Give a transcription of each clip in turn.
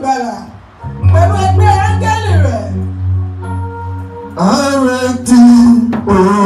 olùgbàlà pẹ̀lú ẹgbẹ́ áńgẹ́lì rẹ̀. ààrẹ ti òun.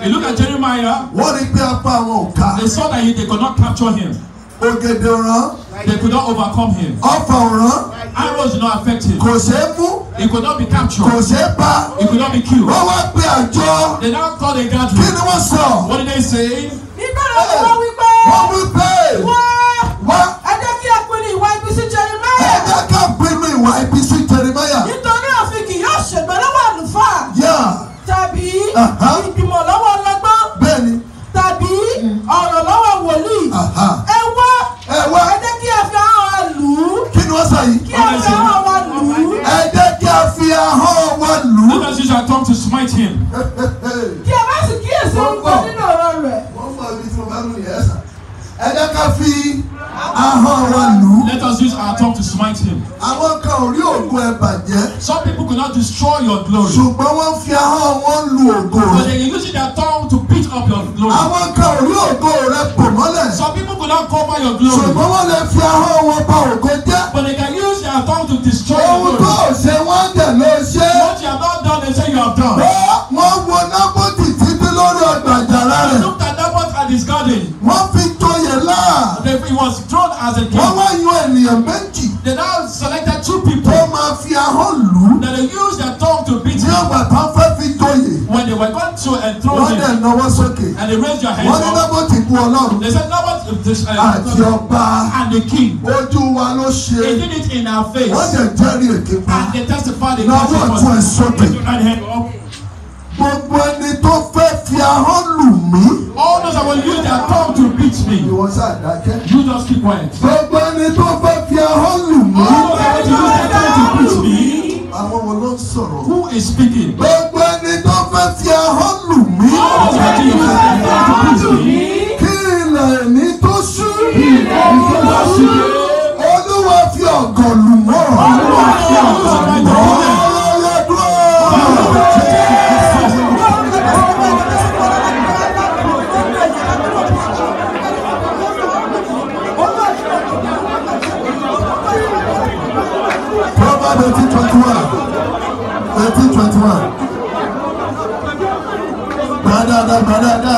They look at Jeremiah. What rí pé apá àwọn They saw that he, they could not capture him. Ògèdè They could not overcome him. Ọ̀fà Arrows did not affect him. Kò He could not be captured. Kò He could not be killed. Wọ́n wá They now called a gathering. Kí ni wọ́n sọ? What did they say? Nígbà náà wọ́n wí pé. Wọ́n wí pé. Wá. Wá. Ẹ jẹ́ kí Jeremiah. Ẹ jẹ́ ká pinnu ìwà ibi sí Jeremiah. Nítorí àfi kì yóò ọ̀rọ̀ lọ́wọ́ wòlíì. ẹ wá ẹ wá ẹ jẹ́ kí a fi ahọ́n wa lù ú. kí ni wọ́n sọ yìí. kí a fi ahọ́n wa lù ú. ẹ jẹ́ kí a fi ahọ́n wa lù ú. others use their tongue to smite him. kí a bá sì kíyèsí ohun kan nínú ọ̀rọ̀ rẹ̀. wọ́n fọ ibi tí mo bá lù yẹn sà. ẹ jẹ́ ká fi ahọ́n let us use our tongue to smite him. àwọn kan ò rí ògo ẹ bàjẹ́. some people could not destroy your glory. ṣùgbọ́n wọ́n fi ahọ́n wọn but they use their tongue to beat up your glory. àwọn kan ò rí ògo rẹ pò mọ́lẹ̀. some people could not cover your glory. ṣùgbọ́n wọ́n lè fi ahọ́n wọn bà jẹ́. but they can use their tongue to destroy your glory. ohun tó ṣe wọ́n dẹ̀ ló ṣe. what you have not done they say you have done. wọ́n wo náà bó ti discarded. wọ́n fi tó yẹ láà. they he was thrown as a king. wọ́n wá yan ènìyàn méjì. they now selected two people. tó máa fi ahọ́n lù. that they used their tongue to beat him. ní ọgbà tán fẹ́ fi tó yẹ. when they were going to enthrone him. wọ́n dẹ̀ náwó sókè. and they raised their hands up. wọ́n ní lọ́bọ̀ ti bu ọlọ́run. they said lọ́bọ̀ ti bu àti ọba. and the king. ojú wa ló ṣe. they did it in our face. wọ́n dẹ̀ jẹ́rìí èké pa. and they testified against him. lọ́wọ́ tún sókè. Gbogbo ẹni tó fẹ́ fi ahọ́n lù mí. All those that will use their tongue to beat me. Ìwọ sáà dákẹ́. You just keep quiet. Gbogbo ẹni tó fẹ́ fi ahọ́n lù mí. All those that will use their tongue to beat me. Àwọn wo ló ń sọ̀rọ̀? Who is speaking? Gbogbo ẹni tó fẹ́ fi ahọ́n lù mí. All those that will use their tongue to beat me. Kí ilẹ̀ ẹni tó ṣú. Kí ilẹ̀ ẹni tó ṣú. Olúwa fi ọ̀gàn lù mọ́. Olúwa fi ọ̀gàn lù mọ́. November 1921. Gbadada gbadada.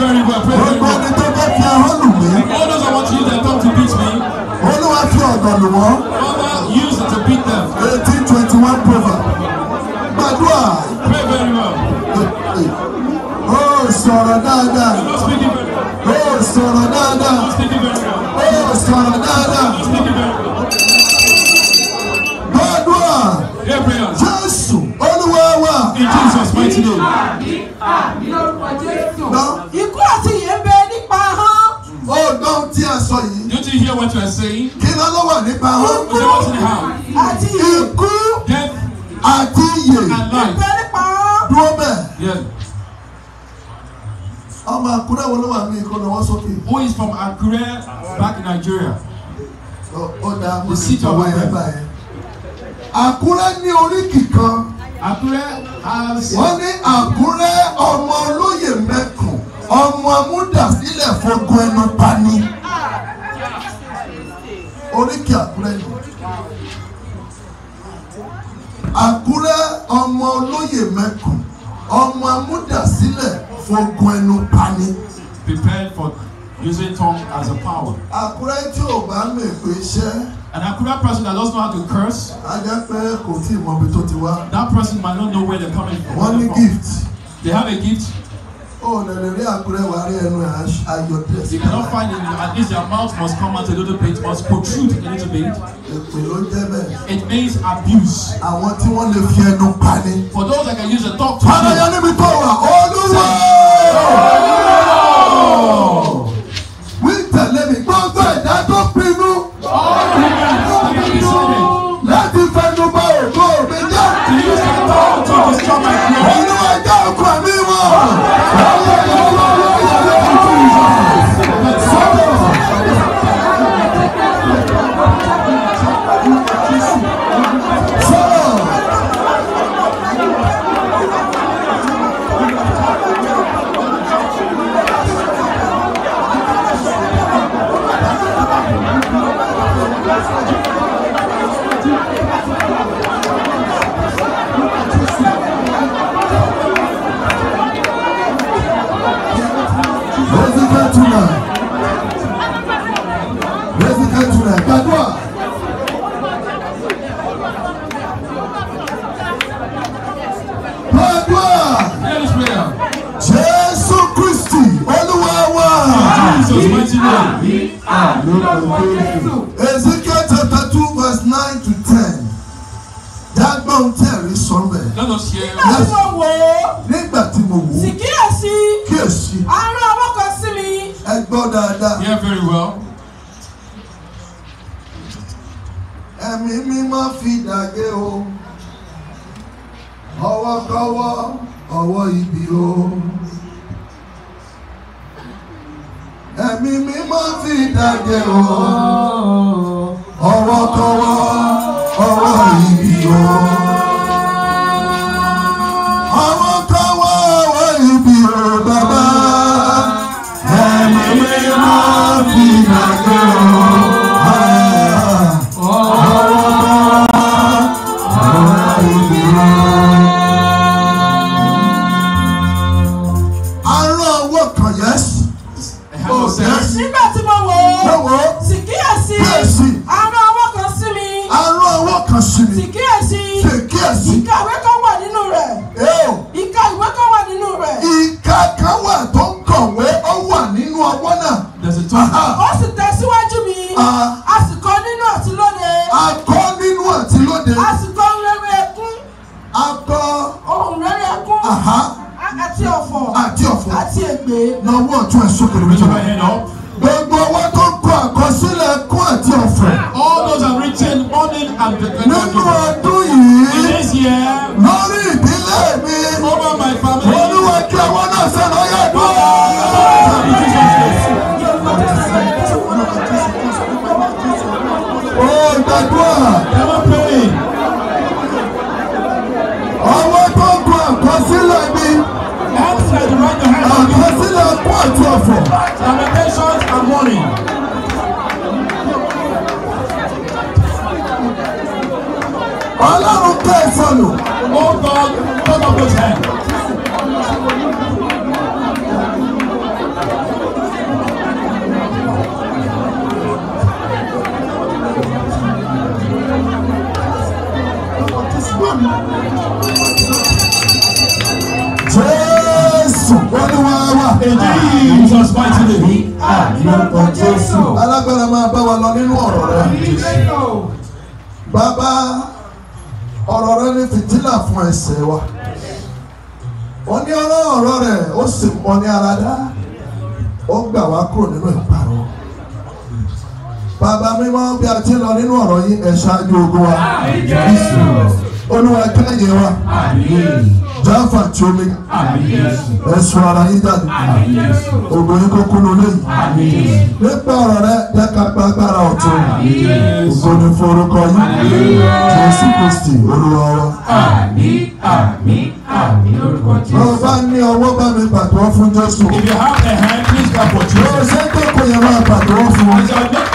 Gbogbo ẹni tó bá fi ahọ́n lù mí. All those I want to use to beat me. Olúwa fi ọ̀gàn lù wọ́n. Father used to beat them. 1821 proverb. Gbàdúrà. Pray very well. Ó sọ̀rọ̀ dáadáa. Ó sọ̀rọ̀ dáadáa. Ó sọ̀rọ̀ dáadáa. Jésù Olúwa wa. In Jesus mighty name. Àmì àmì lórúkọ Jésù. Ikú àti ìyè ń bẹ nípa hán. O dán tí a sọ yìí. Don't you hear what you are saying? Kí ló ló wà nípa hán? Ikú àti ìyè. Ikú àti ìyè. Ń bẹ nípa hán. Dúró bẹ́ẹ̀. Ọmọ Àkúrẹ́ wo ló wà ní ìkọlù wọn sókè? Who is from Akure back in Nigeria? Ó dáa, mo sì jọ wáyé báyẹn. Àkúrẹ́ ní oríkì kan. Àkúrẹ́ àṣẹ. Wọ́n ní Àkúrẹ́ ọmọ olóyè mẹ́kùn ọmọ amúdàsílẹ̀ fọgùn ẹnu pani. Oríkì Àkúrẹ́ yìí. Àkúrẹ́ ọmọ olóyè mẹ́kùn ọmọ amúdàsílẹ̀ fọgùn ẹnu pani. Prepare for using tongue as a power. Àkúrẹ́ tí ò bá lè pèsè. And An cruel person that doesn't know how to curse. That person might not know where they're coming from. One gift. They have a gift. Oh, lè lè rí àkúrẹ́ wà rí You cannot find it at least your mouth must come out a little bit must protrude a little bit. It means abuse. I want you lè fi ẹnu pa ni. For those that can use the talk to you. Fáráyá níbi tó wà, olúwa. Ezekiel chapter two verse nine to ten. That mountain is somewhere. wò ó. Nígbà tí mo wò ó. Sì kíyèsí. Kíyèsí. Ará ọwọ́ kan sí mi. Ẹ gbọ́ dáadáa. Hear very well. àdúrà ẹ má pè é ọwọ́ tó ń kọ àkọsílẹ̀ mi àkọsílẹ̀ kú àti ọ̀fọ̀. Lamentations and mourning. ọlọ́run tẹ̀ sọnù. ó gbọ́ tó lọ́kọ̀ọ́ sẹ́yìn. Jesus mighty name. àlùkò Jésù. alágbára máa bá wa lọ nínú ọ̀rọ̀ rẹ. bàbá ọ̀rọ̀ rẹ ní fìtílà fún ẹsẹ̀ wa. ó ní ọlọ́ọ̀rọ̀ rẹ̀ ó sì mọ́ ní aládá ó gbà wá kúrò nínú ìparun. bàbá mímọ́ bí a ti lọ nínú ọ̀rọ̀ yìí ẹ̀ ṣáájú ogun wa. Olúwa káyé wa jáfà tí omi ẹ̀sùn ara yín jáde obìnrin kókó lórí yìí nípa ọ̀rọ̀ rẹ dẹ́ka gbàgbára ọ̀tún ògo forúkọ yìí jésù kristi olúwa wa. Wọ́n bá ní ọwọ́ bá mi pàtó fún Jésù. If you have a hand, please clap for Jesus. Yóò ṣe yẹn máa pàtó fún.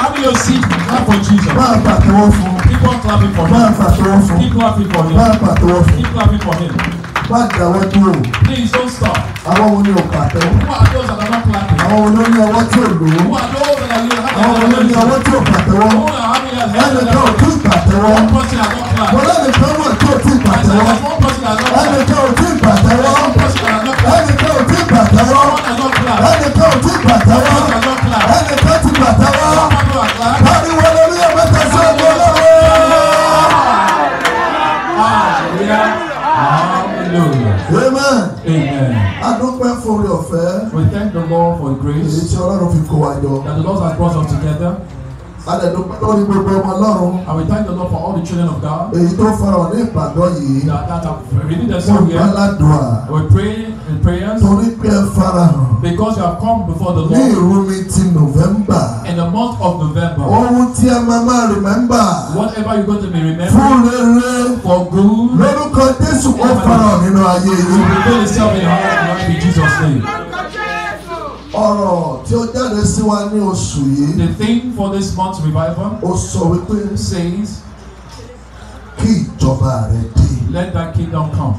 As your seat, clap for Jesus. Máa pàtó fún. Keep on clapping for him. Máa pàtó fún. Keep clapping Máa pàtó fún. Keep clapping for him. Má dáwọ́ dúró. Please don't stop. Àwọn wo ni ò pàtẹ́? Who are those that are not clapping? Àwọn wo ló ní ọwọ́ tí ò lò? Who are those that are not clapping? Àwọn wo ló ní ọwọ́ tí ò pàtẹ́wọ́? Ẹnì kan ò tún pàtẹ́wọ́. Mo lẹ́nu kan wọ̀ tí ò tún pàtẹ́wọ́. Ẹnì kan ò tún pàtẹ́wọ́. Ẹnì kan ò tún pàtẹ́wọ́. Ẹnì kan ò tún pàtẹ́wọ́. Ẹnì kan ti pàtẹ́wọ́. for grace. èyí tí ọlọ́run fi kó wa jọ. that the Lord has brought us together. Alẹ́dúpẹ́ lórí gbogbo ọmọ Ọlọ́run. And we thank the Lord for all the children of God. Èyí tó fara ní ìpàgọ́ yìí. That that are reading the song here. We pray in prayers. Torí pé ẹ fara hàn. Because you have come before the Lord. Ní ìrúmi ti November. In the month of November. Ohun tí ẹ máa máa remember. Whatever you go to be remember. Fún rere. For good. Lórúkọ Jésù ó fara hàn nínú ayé yìí. You will be able to tell me how to be Jesus name ọ̀rọ̀ tí ó jáde sí wa ní oṣù yìí. the theme for this month revival. ó sọ wípé. says. kí ìjọba rẹ dé. let that kingdom come.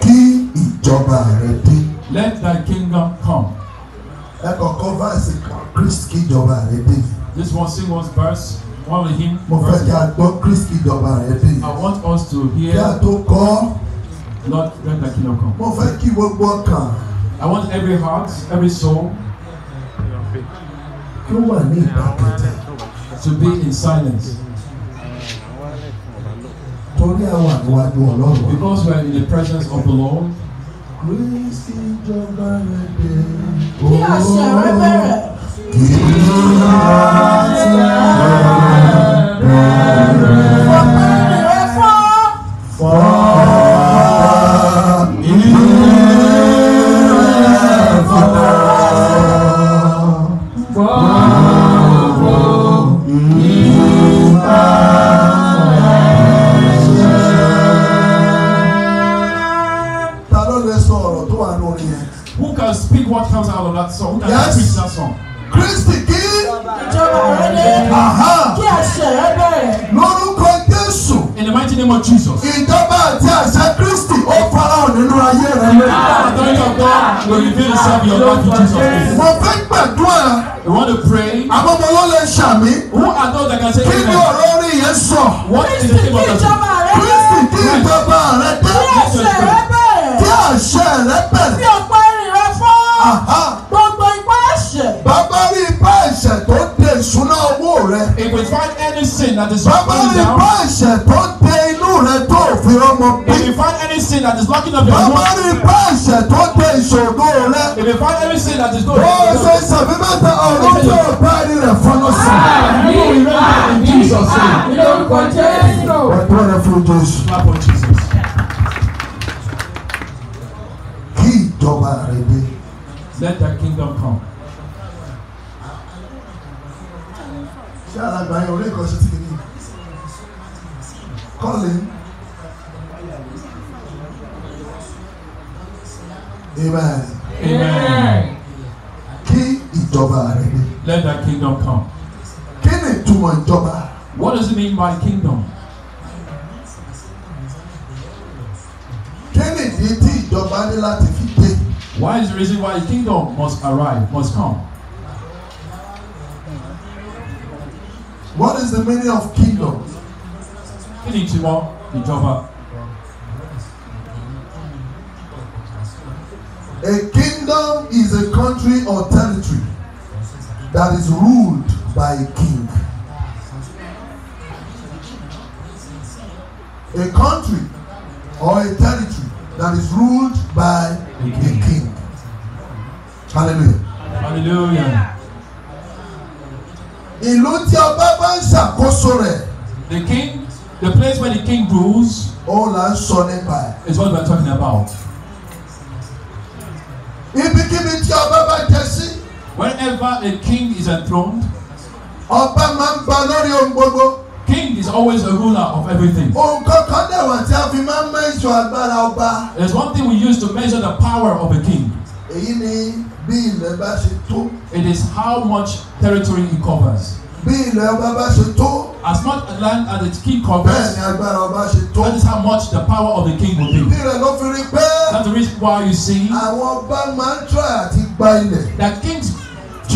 kí ìjọba rẹ dé. let that kingdom come. ẹ kọ̀ọ̀kan verse kan Christ kí ìjọba rẹ dé. this one single verse one with him. mo fẹ́ kí a gbọ́ Christ kí ìjọba rẹ dé. I want us to hear. kí a tó kọ́. Lord, grant that kingdom come. Mo fẹ́ kí gbogbo ọkàn. I want every heart, every soul. Kí ó wà ní ìdákẹ́jẹ́. To be in silence. Torí àwọn àgbàdo Ọlọ́run. Because we are in the presence of the Lord. Kristi jọba rẹ̀ dé. Kí àṣẹ rẹ̀ bẹ̀rẹ̀. that is locking up your mouth. bàbá rí pàṣẹ tó dé ìṣòro rẹ. if you find everything that is no. ó ṣe ìṣàbí mẹ́ta ọ̀rọ̀ tó bá rí rẹ̀ fọ́nà sí. àmì àmì àmì lórúkọ jésù. ẹ̀dọ́ rẹ fún jésù. kí ìjọba rẹ dé. let the kingdom come. Amen. Amen. Kí ìjọba rẹ dé. Let that kingdom come. Kí ni ìtumọ̀ ìjọba? What does it mean by kingdom? Kí ni ìdí tí ìjọba ní láti fi dé? Why is the reason why the kingdom must arrive, must come? What is the meaning of kingdom? Kí ni ìtumọ̀ ìjọba? Kingdom is a country or territory that is ruled by a king. A country or a territory that is ruled by a king. Hallelujah. Hallelujah. Ìlú tí ọba bá ń ṣàkóso rẹ̀. The king, the place where the king rules. Ó là ń sọ nípa ẹ̀. Is what we are talking about ibikíbi tí ọba bá jẹ sí. whenever a king is enthroned. ọba máa ń gba lórí ohun gbogbo. King is always a ruler of everything. Òǹkọ̀kọ̀ dẹ̀wọ̀n tí a fi máa ń mẹ́sọ̀ agbára ọba. There is one thing we use to measure the power of a king. Èyí ni bí ilẹ̀ bá ṣe tó. It is how much territory he covers. Bí ilẹ̀ ọba bá ṣe tó. As much land as the king covers. That is how much the power of the king will be. That's the reason why you see. Àwọn ọba máa ń tọ́ àti gba ilẹ̀. That kings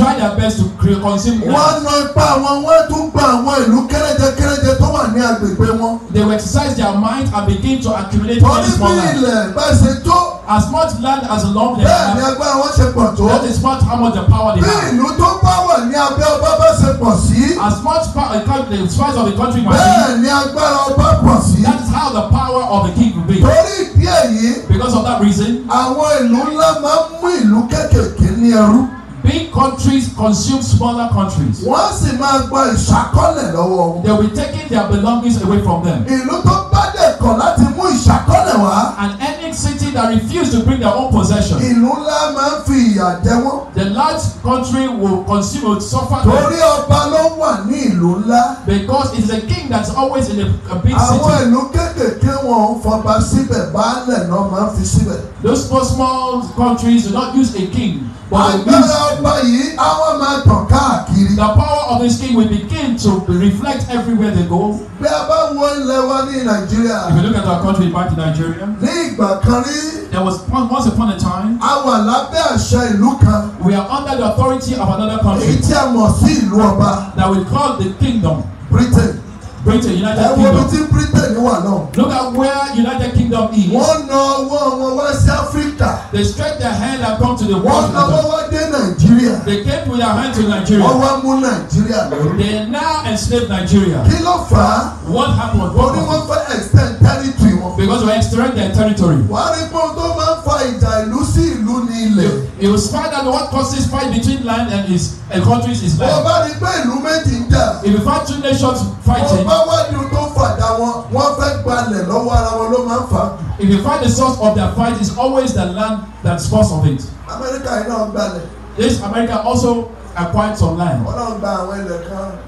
try their best to create consume them. wọ́n na ipa àwọn wọ́n tún gba àwọn ìlú kéréje kéréje tó wà ní agbègbè wọn. they will exercise their mind and begin to accumulate money for life. torí bí ilẹ̀ bá ṣe tó. as much land as long they have. bẹ́ẹ̀ ni agbára wọn ṣe pọ̀ tó. that is much how much the power they have. bí ìlú tó bá wà ní abẹ́ ọba bá ṣe pọ̀ sí. as much power the size of the country might be. bẹ́ẹ̀ ni agbára ọba pọ̀ sí. that is how the power of the king will be. torí ìdí èyí. because of that reason. àwọn ìlú ńlá máa ń mú ìlú kéékèèké ní ẹrú. Big countries consume smaller countries. Wọ́n sì máa gba ìṣàkọ́lẹ̀ lọ́wọ́ They will be taking their belongings away from them. Ìlú tó bá dẹ̀ kọ̀ láti mú ìṣàkọ́lẹ̀ wá. And any city that refuse to bring their own possession. Ìlú ńlá máa ń fi ìyà jẹ The large country will consume will suffer. Torí ọba ló wà ní ìlú ńlá. Because it is a king that's always in a, a big city. Àwọn ìlú kéékèèké wọn ò fọba síbẹ̀ baálẹ̀ náà máa fi síbẹ̀. Those small small countries do not use a king agbára ọba yìí àwọn máa tàn káàkiri. the power of his king will begin to reflect everywhere they go. bí a bá wo ilẹ̀ wa ní nàìjíríà. if you look at our country back in Nigeria. ní ìgbà kan rí. there was once upon a time. a wà lábẹ́ àṣẹ ìlú kan. we are under the authority of another country. èyí tí a mọ̀ sí ìlú ọba. that we call the kingdom. Britain. Britain United Kingdom. ẹ wo ibi tí Britain wà náà. look at where United Kingdom is. wọ́n na ọwọ́ wọn wá sí Africa. they stretch their hand and come to the world. wọ́n na ọwọ́ wá dé Nàìjíríà. they came with their hand to Nigeria. wọ́n wá mú Nàìjíríà lórí. they now enslave Nigeria. kí ló fà á. what happened. oníwọ̀n fẹ́ extend territory wọn. because we extend their territory. wàá rí pé ohun tó máa ń fa ìjà ìlú sí ìlú ní ilẹ̀. it was found out what causes fight between land and his and uh, countries is land. ọba rí pé ìlú méjì ń jà. if you find two nations fighting. ọba wádìí tó fàdá wọn wọ́n fẹ́ gbalẹ̀ lọ́wọ́ ara wọn ló máa ń fà. if you find the source of their fight is always the land that is cause of it. America yìí náà gbalẹ̀. this America also acquired some land.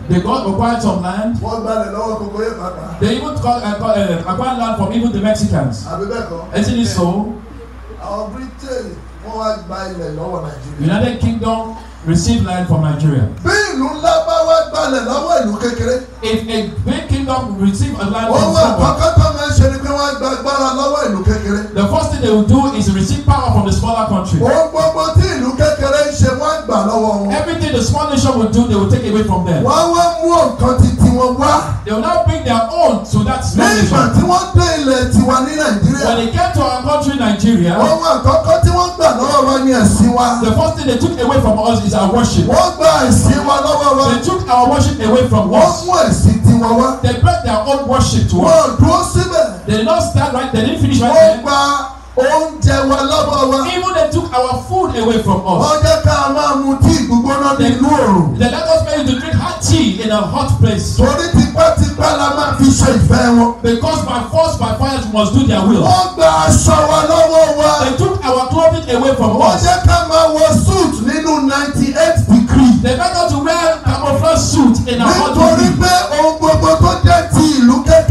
They got acquired some land. They even got, uh, got, uh, acquired land from even the Mexicans. Isn't it so? United Kingdom receive land from Nigeria. bí ìlú ńlá bá wá gbalẹ̀ lọ́wọ́ ìlú kékeré. if a big kingdom receive a land from someone. owó àkọ́kọ́tọ́ máa ń ṣe ni pé wọ́n á gba agbára lọ́wọ́ ìlú kékeré. the first thing they will do is receive power from the smaller country. ohun gbogbo tí ìlú kékeré ń ṣe wọ́n gbà lọ́wọ́ wọn. everything the small nation will do they will take away from them. wọ́n wá mú nǹkan ti tiwọn wá. they will now bring their own to that small nation. nígbà tí wọ́n dé ilẹ̀ tiwa ní Nàìjíríà. when they get to our country Nigeria. ohun àkọ́kọ́ tí wọ́n gbà lọ́wọ́ wọn ni ẹ̀sìn wa. the first thing they took away from us is is our worship. wọ́n gba ẹ̀sìn wa lọ́wọ́ wa. they took our worship away from us. wọ́n mú ẹ̀sìn tiwa wá. they brought their own worship to us. wọ́n dúró síbẹ̀. they no start right they didn't finish right wọ́n gba oúnjẹ wa lọ́wọ́ wa. even they took our food away from us. wọ́n ká a máa mu tíì gbígbóná nínú òòrùn. they let us make to drink hot tea in a hot place. torí tipátipá la máa fi ṣe ìfẹ́ wọn. because by force by fire we must do their will. wọ́n gba aṣọ wa lọ́wọ́ wa. they took our clothing away from us. wọ́n jẹ́ ká máa wọ suit nínú ninety eight degree. they let us wear camouflage suit in a hot day. nítorí pé ohun gbogbo tó jẹ́ ti ìlú kẹ́kẹ́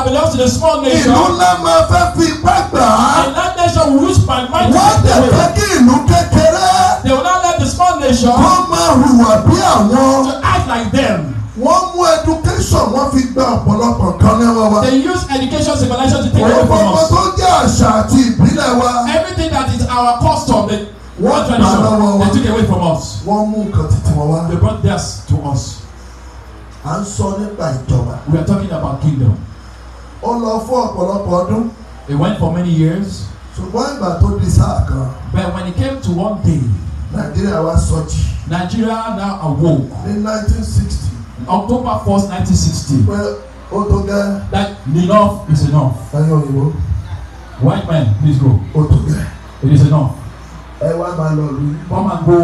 that belongs to the small nation. ìlú ńlá máa fẹ́ fi ipá gbà á. and nation will use my mind. wọ́n dẹ̀ fẹ́ kí ìlú kékeré. they will not let the small nation. wọ́n máa hùwà bí àwọn. to act like them. wọ́n mú education wọ́n fi gba ọ̀pọ̀lọpọ̀ kan lẹ́wọ́ wa. they use education civilization to take over from us. òfófó tó jẹ́ àṣà àti ìbílẹ̀ wa. everything that is our custom they wọ́n gbà lọ́wọ́ wa they took away from us. wọ́n mú nǹkan tuntun wa they brought theirs to us. à ń sọ nípa ìjọba. we are talking about kingdom ó lọ fún ọ̀pọ̀lọpọ̀ ọdún. he went for many years. ṣùgbọ́n ìgbà tó di sáà kan. but when he came to one day. Nigeria wa sọjí. Nigeria now awoke. in nineteen sixty. October first nineteen sixty. well ó tó gẹ́. that enough is enough. ẹyin òyìnbó. white man please go. ó tó gẹ́. it is enough. ẹ wá máa lọ rí. wọ́n máa gbó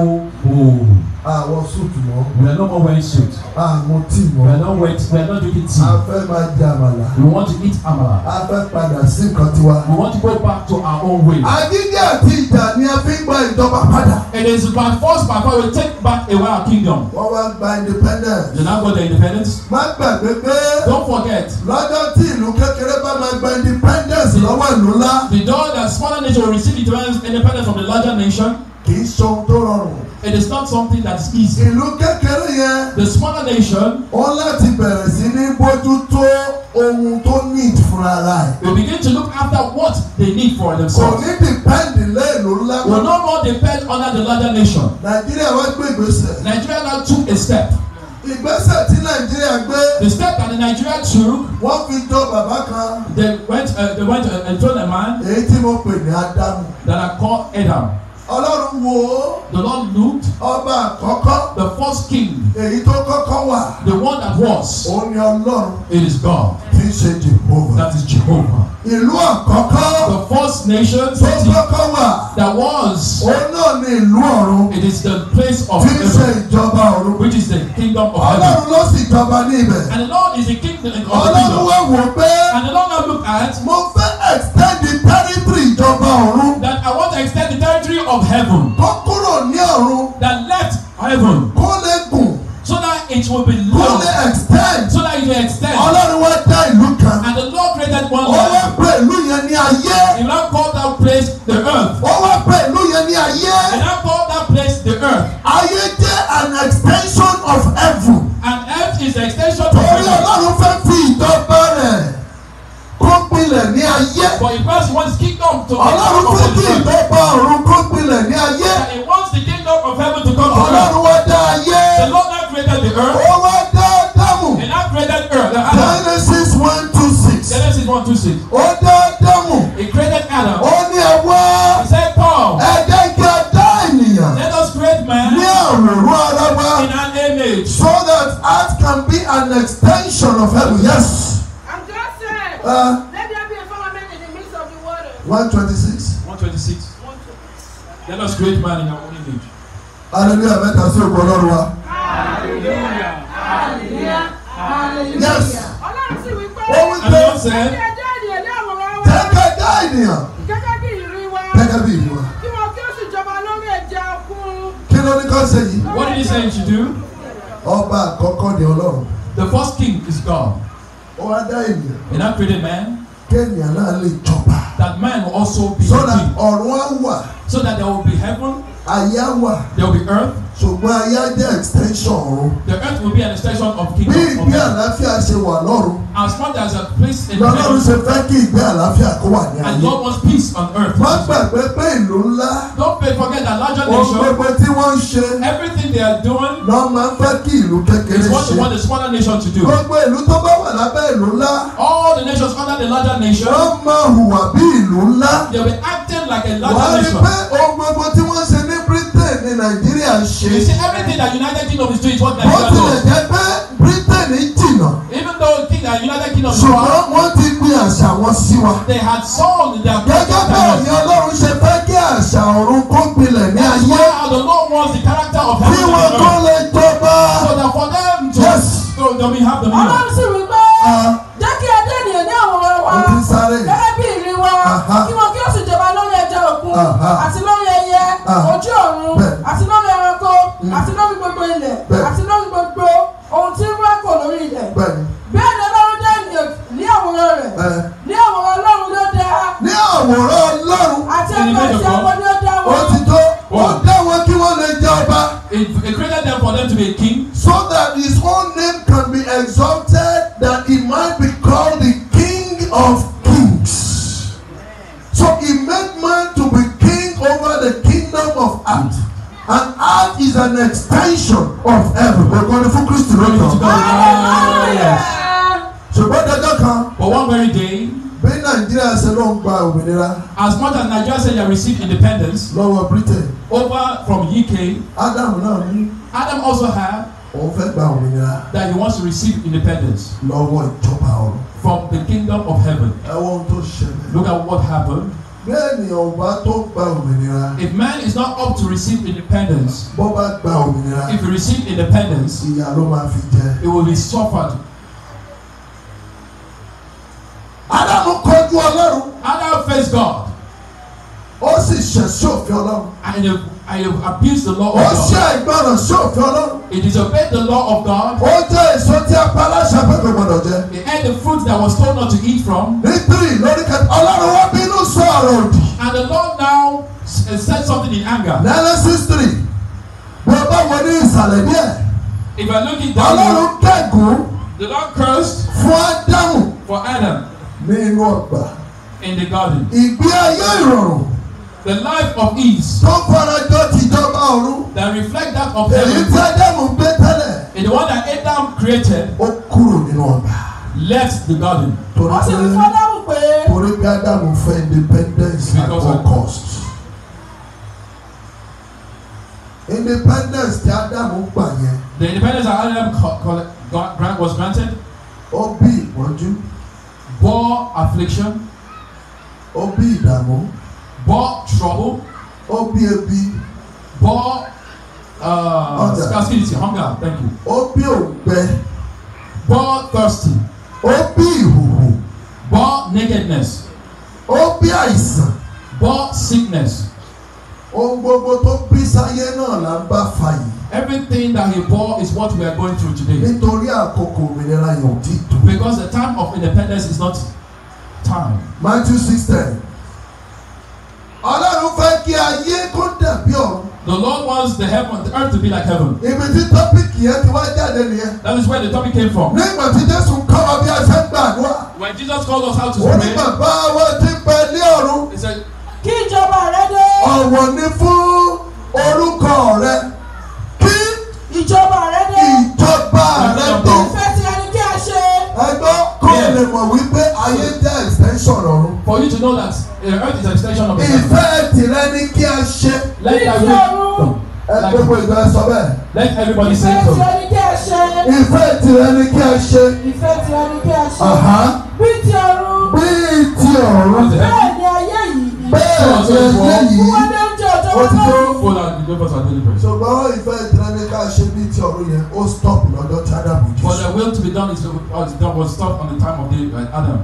àwọn súùtù mọ́. we are not more wearing suit. àwọn tí mọ́. we are not wet we are not drinking tea. a fẹ́ máa jẹ àmàlà. we want to eat àmàlà. a fẹ́ padà sí nǹkan tiwa. we want to go back to our own way. agídí àti ìjà ni a fi ń gba ìjọba padà. it is by force by power we take back away our kingdom. wọ́n wá gba independence. they now got their independence. má gbàgbé pé. don't forget. lọ́jọ́ tí ìlú kékeré bá máa gba independence lọ́wọ́ ìlú ńlá. the door that smaller nation will receive independence from the larger nation kì í sọ tó rọrùn. It is not something that is easy. Ìlú kékeré yẹn. The smaller nation. Ó láti bẹ̀rẹ̀ sí ní bójútó ohun tó need for fúnra life. We begin to look after what they need for themselves. Kò ní depend lé ìlú ńlá. We no more depend on the larger nation. Nàìjíríà wá gbé ìgbésẹ̀. Nigeria now took a step. Ìgbésẹ̀ tí Nàìjíríà gbé. The step that the Nigeria took. Wọ́n fi jọ bàbá kan. They went uh, they went uh, and told a man. Èyí tí mo pè ní Ádámù. That I call Adam. Ọlọ́run wo. The Lord looked. Ọba àkọ́kọ́. The first king. Èyí tó kọ́kọ́ wà. The one that was. Òun ni Ọlọ́run. It is God kìí ṣe Jehovah. That is Jehovah. Ìlú àkọ́kọ́. The first nation. Tó kọ́kọ́ wà. That was. Òun náà ni ìlú ọ̀run. It is the place of heaven. Tí ń ṣe ìjọba ọ̀run. Which is the kingdom of heaven. Ọlọ́run ló sì jọba ní ibẹ̀. And the Lord is the king of the kingdom. Ọlọ́run wá wò pé. And the Lord now look at. Mo fẹ́ extend the territory ìjọba ọ̀run. That I want to extend the territory of heaven. Kó kúrò ní ọ̀run. That left heaven. Kó lè gùn so that it will be long. ó extend. so that it will extend. ọlọ́run wá dá ìlú kan. and the Lord created one land. ó wá pè ìlú yẹn ní ayé. he now call that place the earth. ó wá pè ìlú yẹn ní ayé. he now call that place the earth. ayé jẹ́ an extension of heaven. and earth is extension of heaven. torí ọlọ́run fẹ́ fi ìjọba rẹ̀ kó gbilẹ̀ ní ayé. for the first one's kingdom to be. ọlọ́run fẹ́ fi ìjọba ọ̀run kó gbilẹ̀ ní ayé. and he wants the kingdom of heaven to come to earth. ọlọ́run wá The Lord that created the earth. Oh wá dá Ádámù. And that created earth. Uh-huh. Genesis one two six. Genesis one two six. Ó dá Ádámù. He created Adam. Oh ní ẹ He said come. And then kí a Let us create man. Ní àwòrán ara In our image. So that earth can be an extension of heaven. Yes. And God said. Uh, Let there be a firmament in the midst of the waters. One twenty-six. One twenty-six. Let us create man in our own image. Hallelujah, mẹ́ta sí ògbọ́n lọ́rùn wa. Yes. Ó wí pé tẹ́tẹ́ dá ènìyàn. Gẹ́gẹ́ bí ìrìn wa. Gẹ́gẹ́ What did he say he should do? Ọba àkọ́kọ́ ni Ọlọ́run. The first king is God. Ó wá dá ènìyàn. In now created man kẹ́nìyàn náà lè jọba. that man will also be so that ọ̀run á wà. so that there will be heaven. ayé wà. there will be earth ṣùgbọ́n ayé jẹ́ extension ọ̀run. the earth will be an extension of kingdom of God. bí ìgbé àlàáfíà ṣe wà lọ́run. as far as a place in the earth. lọ́lọ́run ṣe fẹ́ kí ìgbé àlàáfíà kó wà ní ayé. and God wants peace on earth. má gbàgbé pé ìlú ńlá. don't pay forget that larger nation. ohun gbogbo tí wọ́n ń ṣe. everything they are doing. lọ́ máa ń fẹ́ kí ìlú kékeré ṣe. is what you want the smaller nation to do. gbogbo ìlú tó bá wà lábẹ́ ìlú ńlá. all the nations under the larger nation. wọ́n máa hùwà bí ìlú ńlá. they will be acting like a larger nation. wọ́n rí pé ni nàìjíríà ń ṣe. you see everything that United Kingdom is doing is what Nigeria do. bó tilẹ̀ jẹ́ pé Britain jìnnà. even though King that United Kingdom is. ṣùgbọ́n wọ́n ti gbin àṣà wọn sí wa. they had sold their. gẹ́gẹ́ bẹ́ẹ̀ ni ọlọ́run ṣe fẹ́ kí àṣà ọ̀run kó gbilẹ̀ ní ayé. that's why I don't the character of heaven. kí wọn kó lè jọba. so that for them to. yes. so that we have the meaning. ọlọ́run sì wí pé. Ah. jẹ́ kí adé ènìyàn ní àwọn ọ̀rọ̀ wa. o ti sáré. gẹ́gẹ́ bí ìrìn wa. kí wọn kí ó sì jọba lórí ẹja òkun. àti lórí ẹyẹ. Ah. ojú an extension of heaven. Ògo ni fún Kristi lórí ọ̀gá. Ṣùgbọ́n dandan kan. But one very day. Bí Nàìjíríà ṣe ló ń gba As much as Nigeria say you receive independence. Lọ́wọ́ Britain. Over from UK. Adam náà Adam also had. Òun fẹ́ gba That he wants to receive independence. Lọ́wọ́ ìjọba ọ̀run. From the kingdom of heaven. Ẹ wọ́n tó ṣẹlẹ̀. Look at what happened. Bẹ́ẹ̀ ni ọ̀bá tó gba òmìnira. If man is not up to receive independence. Bó bá gba òmìnira. If he receive independence. Ìyà máa fi jẹ. He will be suffered. Adamu kọjú Ọlọ́run. Adamu face God. Ó sì ṣẹ̀ sí òfin Ọlọ́run. And he I have abused the law of God. Ó ṣe ìgbọràn sí òfin Ọlọ́run. He disobeyed the law of God. Ó jẹ èso tí a pa aláṣẹ pé kò gbọdọ̀ jẹ. He ate the fruit that was told not to eat from. Ní three lórí kẹta, Ọlọ́run wá bínú sọ ọ̀rọ̀ òdì. And the Lord now said something in anger. Genesis three. Wọ́n bá wọlé ìsàlẹ̀ díẹ̀. If I look it down. Ọlọ́run kẹ́gùn. The Lord cursed. Fún Ádámù. For Adam. Nínú ọgbà. In the garden. Ìgbé ayé ìrọ̀rùn. The life of ease. Tó farajọ tìjọba ọ̀run. That reflect that of heaven. Èyí tí Ádámù gbé tẹ́lẹ̀. In the one that Adam created. Ó kúrò nínú ọgbà. Left the garden. Tòun ti rí. Ó sì fi Ádámù pé. torí gádà mo fẹ́ independence at all cost. independence tí ádámù gbà yẹn. the independence that adam grant was granted. ó bí ìpọ́njú. bore affliction. ó bí ìdààmú. bore trouble. ó bí ebi. bore uh, hunger. scarcity hunger thank you. ó bí òǹgbẹ. bore thirsty. ó bí ìhòòhò bọ́ nakedness. ó bí àìsàn. bọ́ sickness. ohun gbogbo tó bí sáyé náà là ń bá fa yìí. Everything that he bore is what we are going through today. Nítorí àkókò òmìnira yóò di tó. Because the time of independence is not time. Matthew six ten. Ọlọ́run fẹ́ kí ayé kó dàbí ọ̀run. The Lord wants the heaven the earth to be like heaven. Ibi tí tọ́pìkì yẹn ti wá jáde nìyẹn. That is where the topic came from. Nígbà tí Jésù kọ́ ọ bí a ṣe ń gbàdúrà. When Jesus called us out to pray. Ó bàbá wa ti pẹ́ ọ̀run. He said. Kí ìjọba rẹ dé. Ọ̀wọ̀ ni fún orúkọ rẹ. Kí ìjọba rẹ dé. Ìjọba rẹ dé. Ìfẹ́ ti ẹni kí a ṣe. Ẹ gbọ́ lè mọ̀ wípé ayé jẹ́ extension ọ̀run. For you to know that the eh, earth is an extension of the earth. Ìfẹ́ tìrẹ ni kí a ṣe. Lẹ́yìn àgbẹ̀. Ìfẹ́ ọ̀run ẹ gbogbo ìgbà sọ bẹ́ẹ̀. let everybody say so. ìfẹ́ tìrẹ ni kí ẹ ṣe. ìfẹ́ tìrẹ ni kí ẹ ṣe. bí ti ọ̀run. bí ti ọ̀run. bẹ́ẹ̀ ni ayé yìí. bẹ́ẹ̀ ni ayé yìí. wọ́n dé oúnjẹ ọ̀dọ́ wọn lọ́wọ́. ṣùgbọ́n ìfẹ́ tìrẹ ni ká ṣe bí ti ọ̀run yẹn ó stop lọ́dọ̀ tí Ádámù jẹ́. but the will to be done is uh, that was stopped on the time of the, uh, Adam.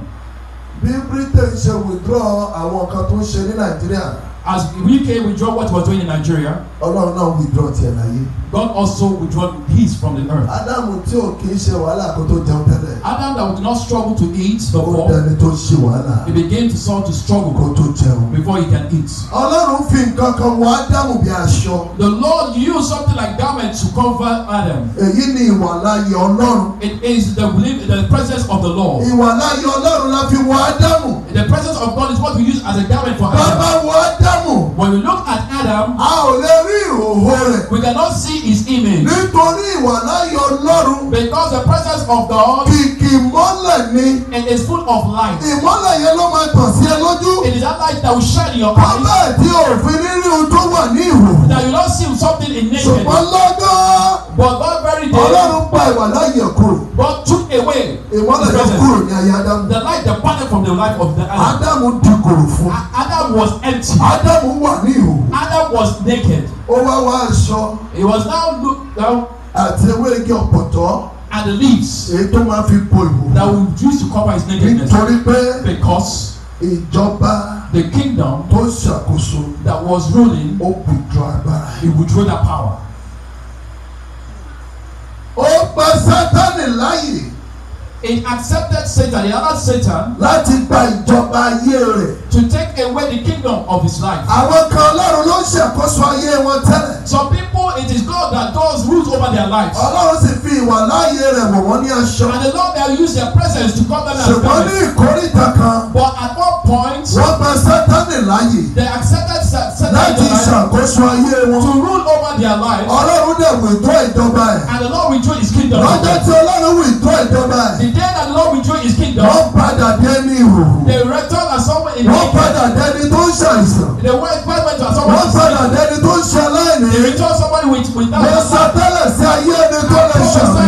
bí Britain ṣe withdraw àwọn kan tó ń ṣe ní Nàìjíríà as the UK withdraw what he was doing in Nigeria. Ọlọ́run náà withdraw tiẹ̀ láyé. God also withdraw peace from the earth. Ádámù tí ò kì í ṣe wàhálà kó tó jẹun tẹ́lẹ̀. Adam that would not struggle to eat before. Ó dẹni tó ṣe wàhálà. He began to start to struggle. Kó tó jẹun. Before he can eat. Ọlọ́run fi nǹkan kan wọ Ádámù bí aṣọ. The Lord used something like garment to cover Adam. Èyí ni ìwàláyé Ọlọ́run. It is the belief the presence of the Lord. Ìwàláyé Ọlọ́run la fi wọ Ádámù. The presence of God is what we use as a garment for Adam. Bàbá wọ Ádámù. Ádámù. When we look at Adam. A ò lè rí ìhòòhò rẹ̀. We cannot see his image. Nítorí ìwà láyé Ọlọ́run. Because the presence of God. Kìkì ìmọ́lẹ̀ ni. It is full of light. Ìmọ́lẹ̀ yẹn ló máa tàn sí ẹ lójú. It is that light that will shine in your eyes. Bàbá tí òfin rírí ohun wà ní ìhòòhò. That you don't see something in nature. Ṣùgbọ́n lọ́dọ̀. But God very day. Ọlọ́run pa ìwà láyé kúrò. God took away. Ìmọ́lẹ̀ yẹn kúrò ní ayé Ádámù. The light departed from the life of the Adam. Ádámù dìkòrò fún. Adam was empty. Adam Adam wà ní ìhòòhò. Adam was naked. Ó wá wá aṣọ. He was now looked down. Àti ewé igi ọ̀pọ̀tọ́. And the leaves. Èyí tó máa fi bo ìhòòhò. That will use to cover his nakedness. Nítorí pé. Because. Ìjọba. The kingdom. Tó ṣàkóso. That was ruling. Ó bùjọ agbára. He withdrew that power. Ó gba Sátánì láàyè. He accepted Satan, he allowed Satan. Láti gba ìjọba ayé rẹ̀. To take away the kingdom of his life. Àwọn kan Ọlọ́run ló ń ṣàkóso ayé wọn tẹ́lẹ̀. Some people it is God that does rule over their lives. Ọlọ́run sì fi ìwà láàyè rẹ̀ wọ̀ wọ́n ní aṣọ. And the Lord may use their presence to cover their sins. Ṣùgbọ́n ní ìkórìtà kan. But at what point. Wọ́n gba Sátánì láàyè. They accepted Sátánì. Láti ṣàkóso ayé wọn. To rule over their lives. Ọlọ́run dẹ̀ withdraw ìjọba ẹ̀. And the Lord withdrew his kingdom. Lọ́jọ́ tí Ọlọ́run withdraw ìjọba ẹ̀ day that the Lord will join his kingdom. wọ́n padà dẹ́ni ìhò. The return as someone in the kingdom. wọ́n padà dẹ́ni tó ń ṣàìsàn. they went back to as someone. wọ́n padà dẹ́ni tó ń ṣaláìní. The return somebody with with without. wọ́n sàtẹ́lẹ̀ sí ayé ẹni tó lè ṣàmì.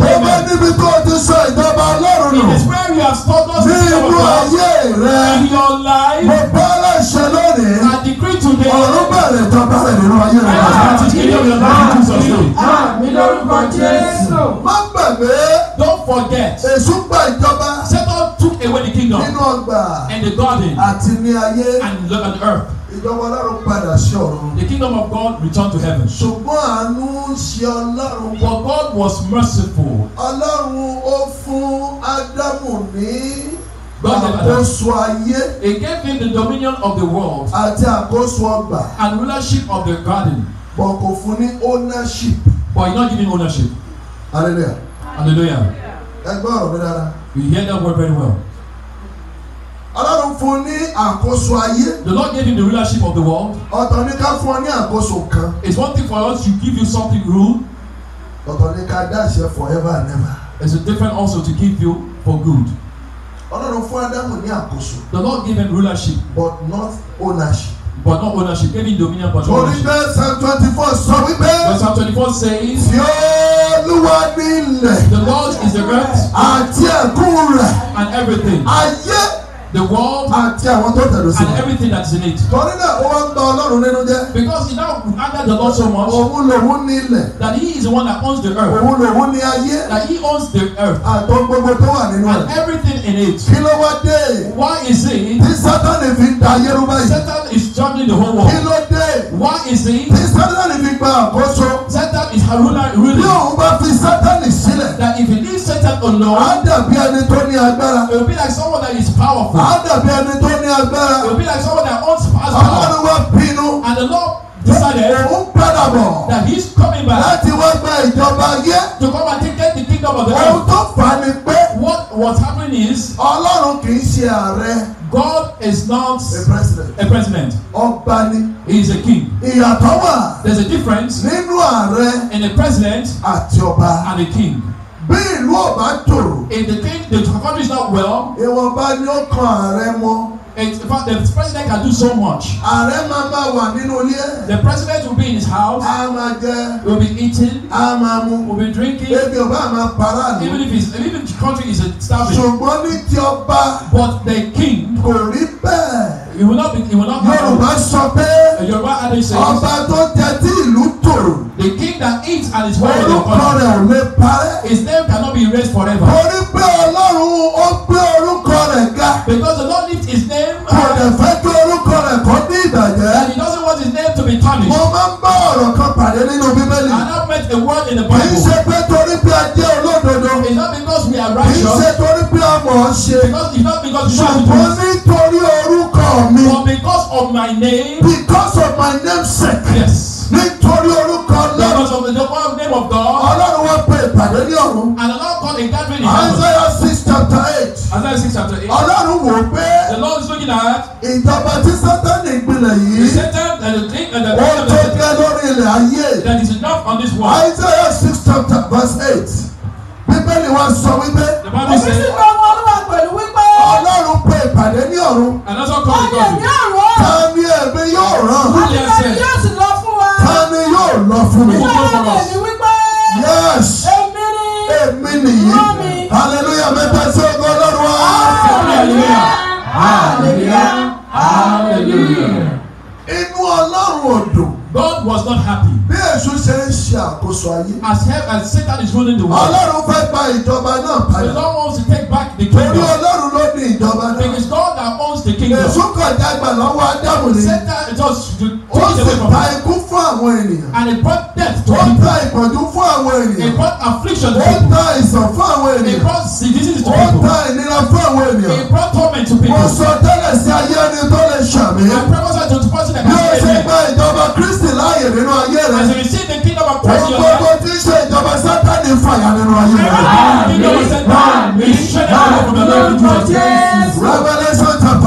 bó bá níbi tó o ti sọ ìjọba ọlọ́run nù. it is where you have stored us. ní inú ayé rẹ. in your life. mo bá láṣẹ lónìí. I decree today. ọ̀run bẹ̀rẹ̀ ìjọba rẹ̀ nínú ayé rẹ. I am a teacher of your life. Àmì lórúkọ Jésù. Má gbàgbé don't forget. èṣù gba ìjọba. Satan took away the kingdom. nínú ọgbà. and the garden. àti ní ayé. and the love and earth. ìjọba ọlọ́run padà sí ọ̀run. the kingdom of God returned to heaven. ṣùgbọ́n àánú ṣe ọlọ́run. but God was merciful. ọlọ́run ó fún ádámù ní. Àkóso ayé. He gave him the dominion of the world. Àti àkóso ọgbà. And ownership of the garden. But kò fún ní ownership. But he not giving ownership. Hallelujah hallelujah. We hear that word very well. Ọlọ́run fún ní àkóso ayé. The Lord gave him the rulership of the world. Ọ̀tọ̀ ni ká fún ọ ní àkóso kan. It's one thing for us to give you something rule. Ọ̀tọ̀ ni ká dáṣẹ forever and ever. It's a different also to give you for good. Ọlọ́run fún Ádámù ní àkóso. The Lord gave him rulership. But not ownership bọ̀dọ̀ wọn náà ṣùgbọ́n dominion bọ̀dọ̀ wọn. torí psalm twenty four sọ wípé. psalm twenty four says. tí olúwa ní the lord is the earth. and everything the world. àti àwọn and everything that is in it. torí náà ó wá ń gba Ọlọ́run nínú jẹ́. because he now anger the Lord so much. òun lòun ní ilẹ̀. that he is the one that owns the earth. òun lòun ní ayé. that he owns the earth. àtọ gbogbo tó wà nínú rẹ̀. and everything in it. kí ló wá dé. why is it. tí Sátánì fi da ayé rú báyìí. Satan is troubling the whole world. kí ló dé. why is it. tí Sátánì fi gba àkóso. Satan is ruler ruling. bí òun fi Sátánì sílẹ̀. that if he leave Satan alone. á dàbí ẹni tó ní agbára. it will be like someone that is powerful á dàbí ẹni tó ní agbára. you be like someone that owns power. ọlọ́run wá pinnu. and the Lord decided. òun padà bọ̀. that he is coming back. láti wá gba ìjọba ayé. to come and take the kingdom of the earth. ohun tó fà á ni pé. what was happening is. ọlọ́run kì í ṣe ààrẹ. God is not a president. A president. Ọba He is a king. Ìyàtọ̀ wà. There is a difference. Nínú ààrẹ. In a president. Àti ọba. And a king bí ìlú ò bá tòrò. if the thing the country is not well. ìwọ̀nba ni ó kan ààrẹ mọ́. It's, the president can do so much. Ààrẹ máa bá wà nínú ilé. The president will be in his house. A máa jẹ. He will be eating. A máa mu. He will be drinking. Ebi ọba a máa para ni. Even if his even if the country is starving. Ṣùgbọ́n ní ti ọba. But the king. Kò rí bẹ́ẹ̀. He will not be he will not be. Yorùbá sọ pé. Yorùbá adé ṣe. Ọba tó jẹ ìlú tòrò. The king that eats and is well in the country. Orúkọ rẹ̀ lè parẹ́. His name cannot be raised forever. Torí pé Ọlọ́run ó gbé orúkọ rẹ̀ ga. because the Lord lift his name. kò lè fẹ́ kí orúkọ rẹ̀ kó ní ìbàjẹ́. and he doesn't want his name to be tarnished. mo máa ń bá ọ̀rọ̀ kan pàdé nínú bíbélì. and I met a word in the Bible. kì í ṣe pé torí pé a jẹ́ olódodo. it's not because we are righteous. kì í ṣe torí pé a mọ̀ ọ́ ṣe. because it's not because we are righteous. ṣùgbọ́n nítorí orúkọ mi. but because of my name. because of my name sake. yes. nítorí orúkọ náà. because of the name of God. ọlọ́run wá pè ìpàdé ní ọ̀run. and the Lord called a gathering in heaven. Isaiah chapter eight. Isaiah six chapter eight. Ọlọ́run wò pé. The Lord is looking at. Ìjọba tí Sátánì gbilẹ̀ yìí. The Satan that is great and the Lord of the Lord. Ó tó gẹ́ lórí ilẹ̀ ayé. That is enough on this world. Isaiah six chapter verse eight. Bíbélì wa sọ wípé. The Bible says. Òbí sì lọ ọmọ Olúwa pẹ̀lú wípé. Ọlọ́run pe ìpàdé ní ọ̀run. And also call it God. Ọ̀yẹ̀ ní ọ̀run. Ta ni èmi yóò rán? Àlùfáà ni yóò sì lọ fún wa. Ta ni yóò lọ fún mi? Ìjọba ni èmi wípé. Yes mi nìyí hallelujah mẹ́ta sí ọgọ́ ọlọ́run wa. hallelujah hallelujah hallelujah. inú ọlọ́run ò dùn. God was not happy. Bí Èṣù ṣe ń ṣe àkóso ayé. As hell and Satan is ruling the world. Ọlọ́run fẹ́ gba ìjọba náà padà. The Lord wants to take back the kingdom. Torí Ọlọ́run ló ní ìjọba náà. It God that owns the kingdom. Èṣù kàn jágbà lọ́wọ́ Ádámù ni. Satan just ó sì pa ikú fún àwọn ènìyàn. and he brought death to people. ó ta ìpọ́njú fún àwọn ènìyàn. he brought affliction to people. ó ta ìsàn fún àwọn ènìyàn. he brought diseases to people. ó ta ìnira fún àwọn ènìyàn. he brought torment to people. mo sọ tẹ́lẹ̀ sí ayé ẹni tó lè ṣàmì. I prophesied to the person that can save me. bí o ṣe gba ìjọba Kristi láàyè nínú ayé rẹ. as you receive the kingdom of Christ your life. gbogbo tí ń ṣe ìjọba Sátánì fàyà nínú ayé rẹ. bá mi bá mi bá mi jẹ́ Revelation chapter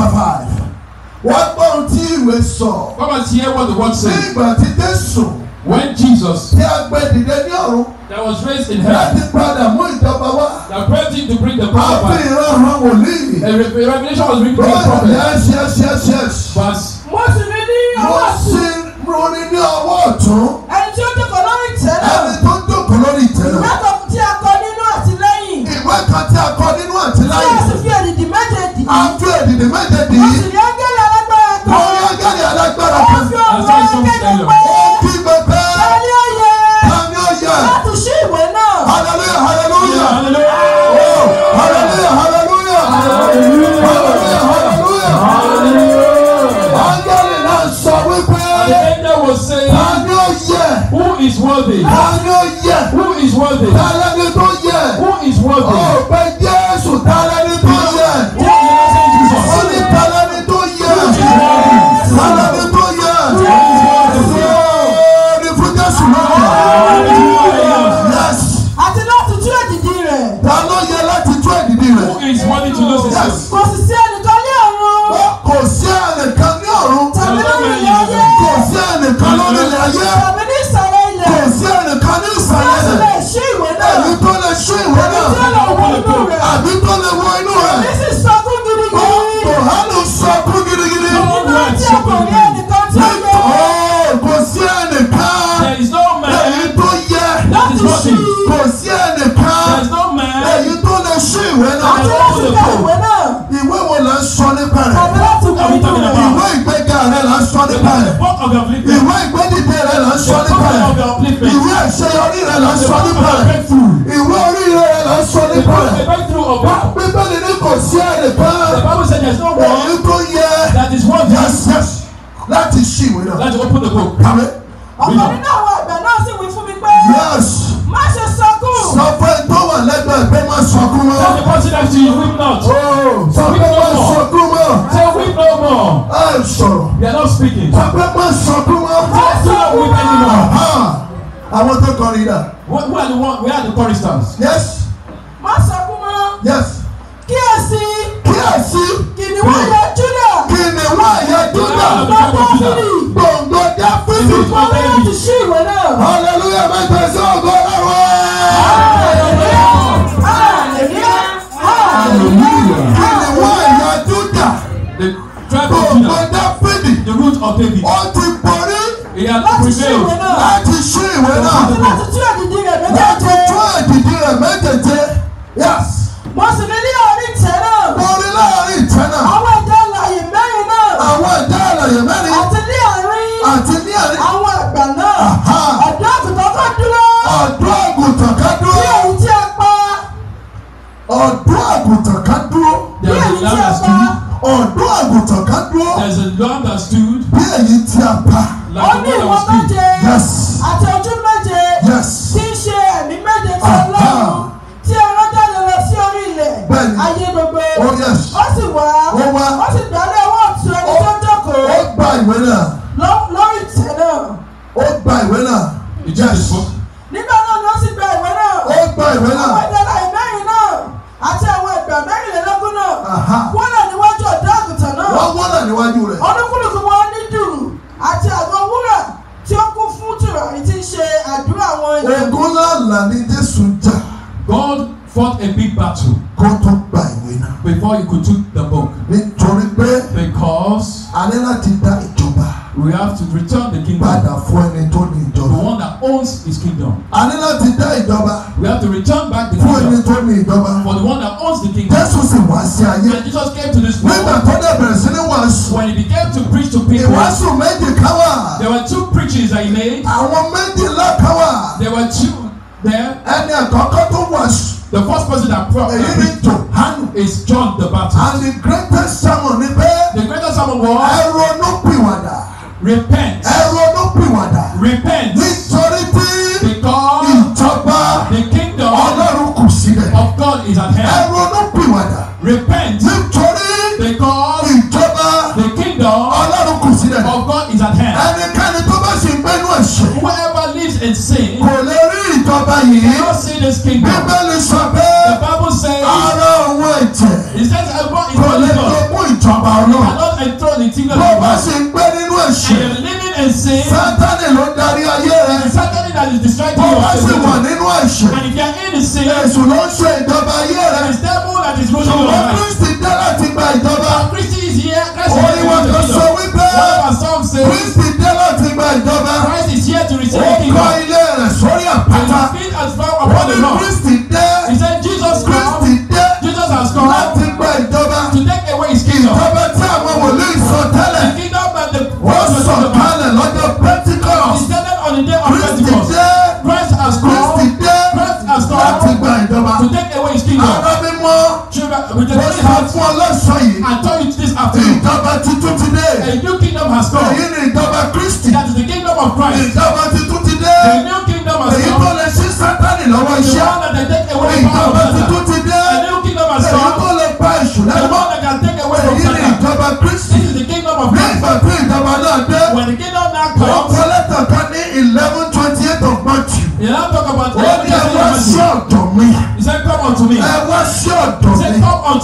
wọ́n gbọ́ ohun tí ìwé sọ. Bàbá ti hear what the word say. Ní ìgbà tí Jésù. When Jesus. Tí a gbé dìde ní ọ̀run. That was raised in heaven. Láti padà mú ìjọba wá. That prayed him to bring the power back. A fi ìran hàn wòlíì. A revelation was written to the prophet. Yes yes yes yes. Pass. Mo sì ní ní ọwọ́ ọ̀tún. Mo sì roni ní ọwọ́ ọ̀tún. Ẹni tí ó dúkọ̀ lórí ìtẹ́ náà. Ẹni tó dúkọ̀ lórí ìtẹ́ náà. Ìwé kan tí a kọ nínú àtìlẹ́yìn. Ìwé kan tí a kọ nínú àtìlẹ́yìn agbára kan. Àṣà ìṣọ́mùsílẹ̀. Ó kígbe pé. Tani ó yẹ. Tani ó yẹ. Láti ṣí ìwé náà. Hallelujah, hallelujah. Hallelujah. Oh, hallelujah, hallelujah. Hallelujah, hallelujah. Hallelujah. Áńgẹ́lì náà sọ wípé. Àyẹ̀dẹ̀ wò ṣe. Tani ó yẹ. Who is worthy? Tani ó yẹ. Who is worthy? Tani ó yẹ. Who is worthy? Ó pe Jésù. Tani ó yẹ. tàbí tó lè wọ inú rẹ̀. This is sọkún gidigidi. Yohanu sọkún gidigidi. Òun náà tí ọkọ̀ ní ẹnìkan tí ó yẹ. Nítorí kò sí ẹnìkan. There is no man. Èyí tó yẹ. Láti ṣí. Kò sí ẹnìkan. There is no man. Èyí tó lè ṣí ìwé náà. Àti láti ka ìwé náà. Ìwé wo la ń sọ nípa rẹ̀? Àbí láti wọ inú rẹ̀ nípa ẹ̀. ìwé ìgbédìde rẹ̀ lọ sọ nípa ẹ̀. ìwé àṣeyọrí rẹ̀ lọ sọ nípa ẹ̀. ìwé oríire rẹ̀ lọ sọ nípa ẹ̀. bíbélì ní kò sí ẹ̀rẹ̀ pa èyí tó yẹ yẹsẹ̀ láti ṣí ìwé náà. láti open the book. àmín. ọkùnrin náà wọ ẹgbẹ́ náà sì wí fún mi pé. yes. má ṣe sọ sọ pé tó wà lẹ́gbẹ̀ẹ́ pé má sọkún mọ́. tell the person next to you weep not. Oh, sọ pé má sọkún mọ́. say weep no more. ẹ sọ̀rọ̀. you are not speaking. sọ pé má sọkún mọ́. say do not weep anymore. àwọn tó kọrin dà. who are the one we are the choristers. yes. má sọkún mọ́. yes. kíyèsí. kíyèsí. kìnìún ayé júdà. kìnìún ayé júdà. gbogbo fúnni. gbòǹgbò dá fúnni. ìfipá lẹ́yìn ti ṣí ìwé náà. hallelujah mẹ́tẹ̀ẹ́sì ọgọ́ ọlọ́run. David. Ó ti borí. Ìyá tó prevail. Láti ṣí ìwé náà. Láti tú èdìdì rẹ̀ méjèèjì. Láti tú èdìdì rẹ̀ méjèèjì. Yes. Mo sì ní ní orí ìtẹ́ náà. Mo rí láàrin ìtẹ́ náà. Àwọn ẹ̀dá àlàyé mẹ́rin náà. Àwọn ẹ̀dá àlàyé mẹ́rin. Àti ní àárín. Àti ní àárín. Àwọn àgbà náà. Ọ̀dọ́ àgùntàn tó dúró. Ọ̀dọ́ àgùntàn ká dúró. Bí èyí tí a pa. Ọ̀dọ́ àgùntàn ká dúró. Bí èyí tí a pa. Ọ̀dọ́ àgùntàn ká dúró. a lamb that stood. Bí èyí tí a pa. Ó ní ìwọ méje. Yes. Àti méje. Yes. Tí ń ṣe ẹ̀mí méje tí Ọlọ́run tí ọ̀rọ̀ jáde lọ sí orí ilẹ̀. Bẹ́ẹ̀ni. Ayé gbogbo. Oh yes. Ó sì wá. Ó wá. Ó sì gbàlẹ́ ọwọ́ ọ̀tún ẹni tó jókòó. Ó gba ìwé náà. Lórí ìtẹ̀ náà. Ó gba ìwé náà. Ìjẹ́ ìfọ́. 回来。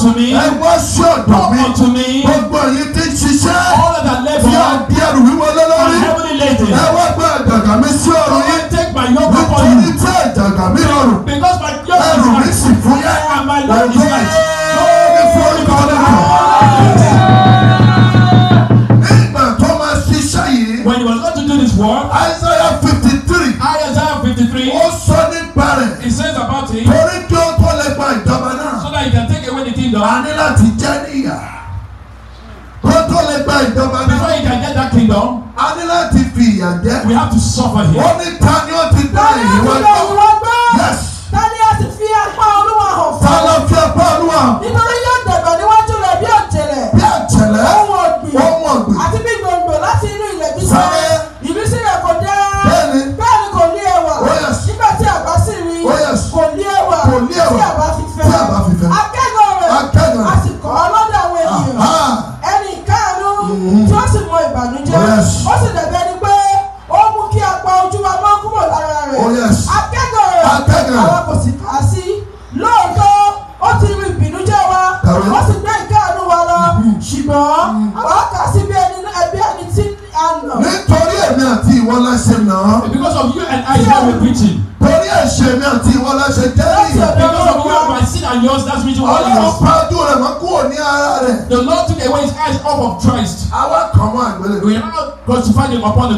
unto me. ẹ wá sí ọ̀dọ̀ mi. come unto me. gbogbo èyí tí ń ṣiṣẹ́. all of that labour. yóò di ẹrù wíwọ lọ́lọ́rí. my heavenly lady. ẹ wá gbé àjàgà mi sí ọrùn yín. come and take my yoke upon you. nítorí tí àjàgà mi rọrùn. because my yoke is my. ẹrù mi sì fún yẹn. Oh, and my love is. á ní láti jẹ́ níyà kó tó lè gba ìjọba náà. before you can get that kingdom. a ní láti fi ìyà jẹ. we have to suffer here. ó ní ta ni ó ti dá èyí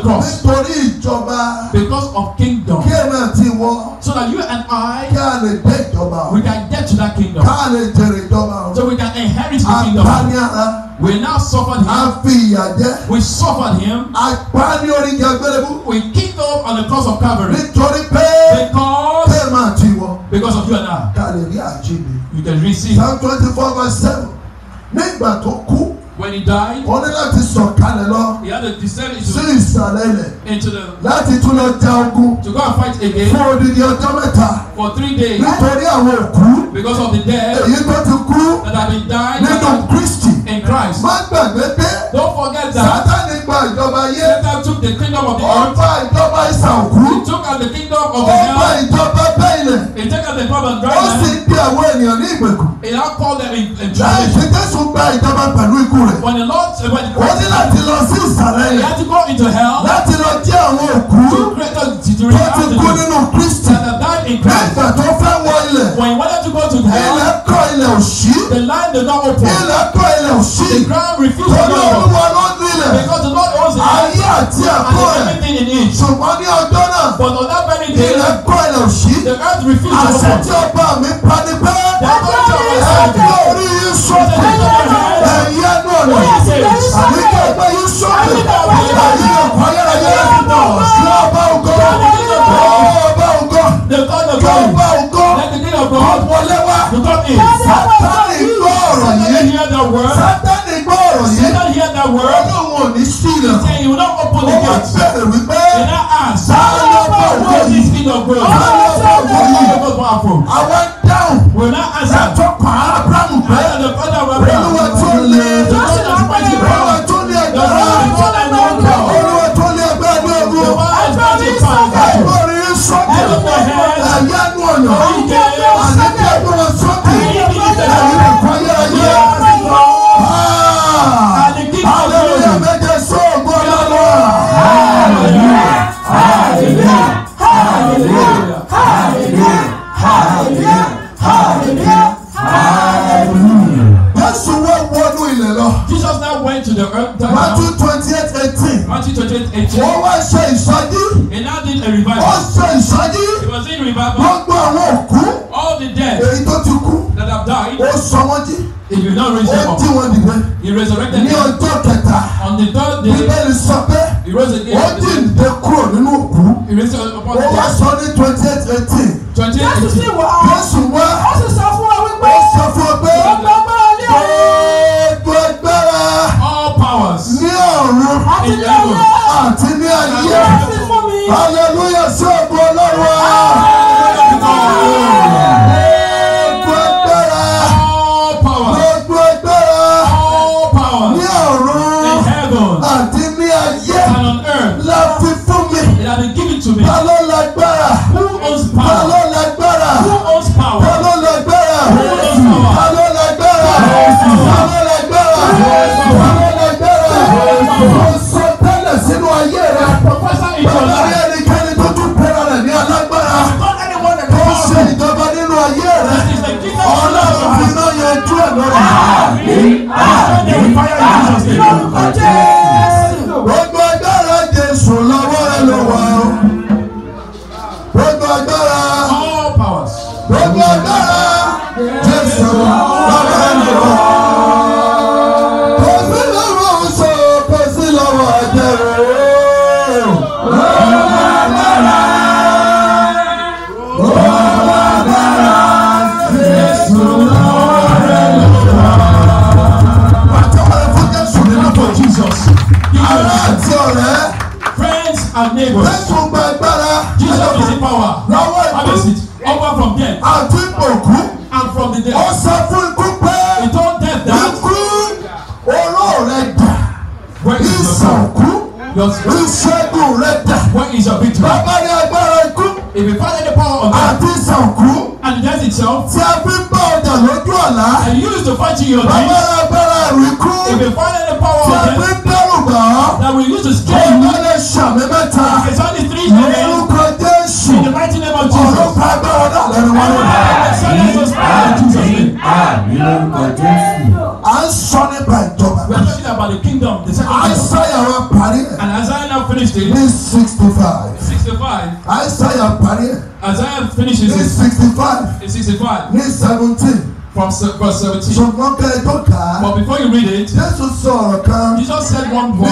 cross. nítorí ìjọba. because of kingdom. kí èmi àti ìwọ. so that you and I. kí a lè dé ìjọba. we can get to that kingdom. ká lè jèrè ìjọba. so we can inherit the kingdom. àtàní ara. we now suffered him. a fi ìyà jẹ. we suffered him. a again. fún odidi ọjọ́ mẹ́ta. for three days. nítorí àwọn òkú. because of the death. èyí tó ti kú. that have been died. nínú Kristi. in Christ. má gbàgbé pé. don't forget that. Sátánì gba ìjọba ayé. Satan took the kingdom of the earth. ọ̀pá ìjọba ìsà òkú. he took out the kingdom of the hell. ọ̀pá ìjọba bẹ́ẹ̀lẹ̀. he took out the power of dry land. ó sì ń bí àwọn ènìyàn ní ìgbèkùn. he now called them in in church. láì fi Jésù gba ìjọba pẹ̀lú ikú rẹ̀. when the Lord when the Lord. ó ní láti lọ sí ìsàlẹ̀ yẹn. he had to go into hell. láti lọ have to to tó ti kú nínú Kristi nígbà tó fẹ́ wọ ilẹ̀ ilẹ̀ kọ̀ ilẹ̀ òṣì ilẹ̀ kọ̀ ilẹ̀ òṣì tó ní olúwa ló ní ilẹ̀ ayé àti ẹ̀kọ́ rẹ̀ ṣùgbọ́n ní ọjọ́ náà ilẹ̀ kọ̀ ilẹ̀ òṣì àṣẹ tí ọba mi pa ni pé ẹ̀kọ́ orí yìí sọ̀tẹ̀ ẹ̀yẹ́ náà lọ àbíkẹ́ ẹgbẹ́ yìí sọ̀tẹ̀ àyè ọ̀pọ̀ ayẹ́rẹ́ yẹn. sátani gbọ́ ọ̀rọ̀ yìí sátani gbọ́ ọ̀rọ̀ yìí olóhùn ò ní ṣìnà ó wá bẹ̀rẹ̀ wípé sáré lọ́pọ̀ òkú yìí sáré lọ́pọ̀ òkú yìí àwọn dáhùn látọ́. lórúkọ Jésù. à ń sọ nípa ìjọba. we are talking about the kingdom. the second kingdom. àìsàyà wa parí ẹ̀. and Isaiah now finished it. ní sixty five. sixty five. àìsàyà parí ẹ̀. Isaiah finishes it. ní sixty five. ní sixty five. ní seventeen from verse seventeen. ṣùgbọ́n kẹ́ ẹ tó kà á. but before you read it. Jésù sọ ọ̀rọ̀ kan. Jesus said one word.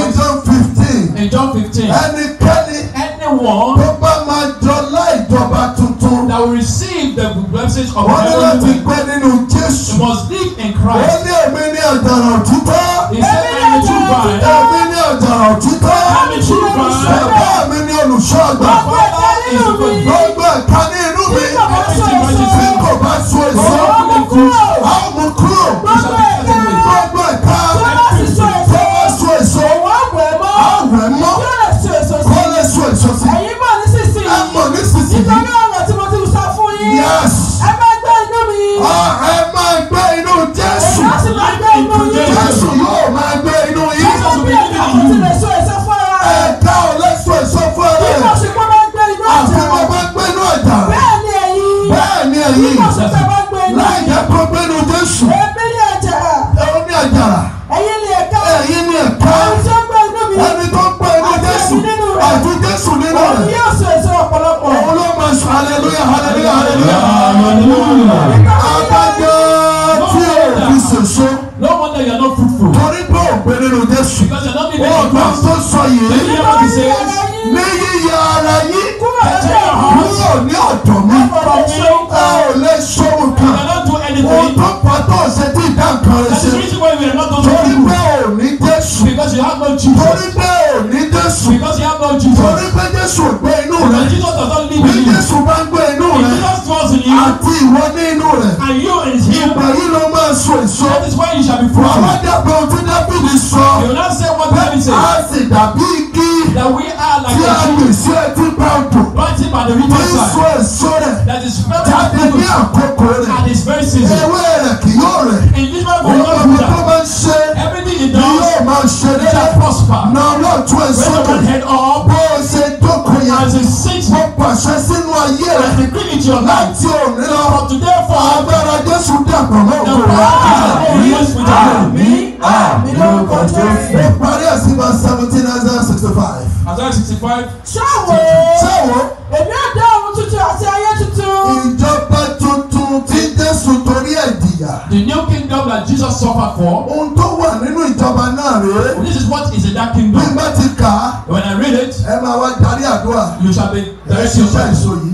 àti ìwọ ní rẹ̀. and you in him. ìgbà yìí ló máa so èso. that is why you shall be fruitful. dàgbà ohun tí dábìlì sọ. you will not say what David said. a sì dàbí igi. that we are like a tree. tí a lè ṣe etí báńkù. planted by the river èso rẹ̀. that is very good. jáde ní àkókò rẹ̀. its very season. ewé rẹ̀ kì yóò rẹ̀. in this that. olùkọ́ máa ń ṣe. everything he does. yóò máa ṣe dé. shall prosper. na ọlọ́tún èso rẹ̀. raise your head up. bó o ṣe dókòyà. as he pàṣẹ sí year has been bringing to your life. Tí o ní lọ. From today for agbára Jésù dàgbọ̀ náà kò wá. Àmì àmì àmì lórúkọ Jésù. Ìparí ẹ̀sìn verse seventeen Isaiah sixty five. Isaiah sixty five. Ṣáwo. Ṣáwo. Èmi á dá ohun tuntun àti ayé tuntun. Ìjọba tuntun tí Jésù torí ẹ̀ dìyà. The new kingdom that Jesus suffered for. Ohun tó wà nínú ìjọba náà rèé. This is what is in that kingdom. Bí n bá ti kà á. When I read it. Ẹ máa wá darí àdúrà. You shall be directed. Ẹ ṣiṣẹ́ ìsòyí.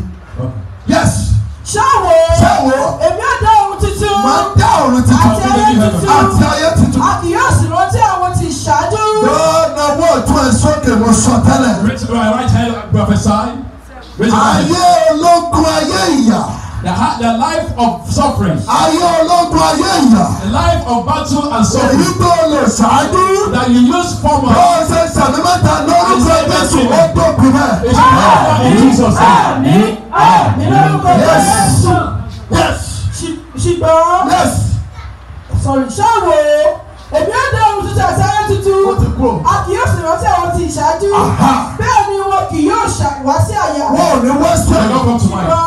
sọ tẹ́lẹ̀. right hand prophesy. ayé ológun ayé ìyà. The, the life of suffering. Ayé ológun ayé ìyà. The life of battle and suffering. Èyí tó lè ṣáájú. That you use former. Bọ́ọ̀ ṣe ṣàmì mẹ́ta lórúkọ Jésù ó tóbi rẹ̀. It's not in Jesus' name. Àmín àmín lórúkọ Jésù. Yes. Ṣùgbọ́n. Yes. Sọ̀rọ̀ Yes. Yes. bẹ́ẹ̀ ni wọn kì yóò wá sí àyà. wọn ò ní wá sí àyà.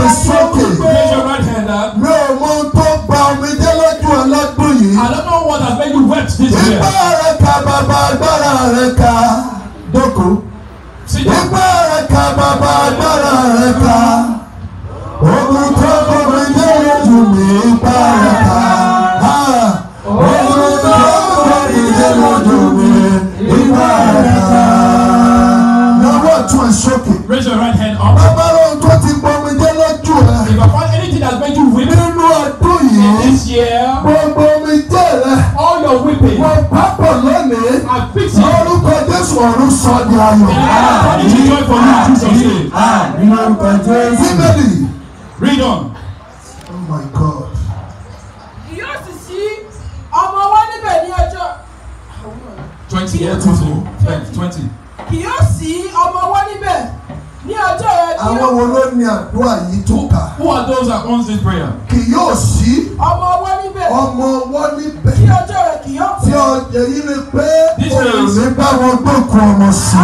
and struggle. mi ò mọ ohun tó gba omijé lójú ọlọ́gbọ́n yìí. I don't know what has made you wet this year. rẹ̀ ka bàbá agbára rẹ̀ ka. dọ́kun. ayọ̀ lónìí orúkọ Jésù ọ̀run sọ di ayọ̀. nínú orúkọ Jésù. bíbélì. read on. oh my god. yóò sì sí ọmọ wa níbẹ̀ ní ọjọ́. twenty eight twenty twenty. kì yóò sí ọmọ wa níbẹ̀ ní ọjọ́ yẹn. àwọn wo ló ní àdúrà yìí tó kà. who are those that wants this prayer. kì yóò sí. ọmọ wa níbẹ̀ níbẹ̀. ọmọ wọn níbẹ̀. kí ọjọ́ rẹ̀ kì yọ. tí ọjọ́ yìí ni pé òní bá wọn gbókun ọmọ sí.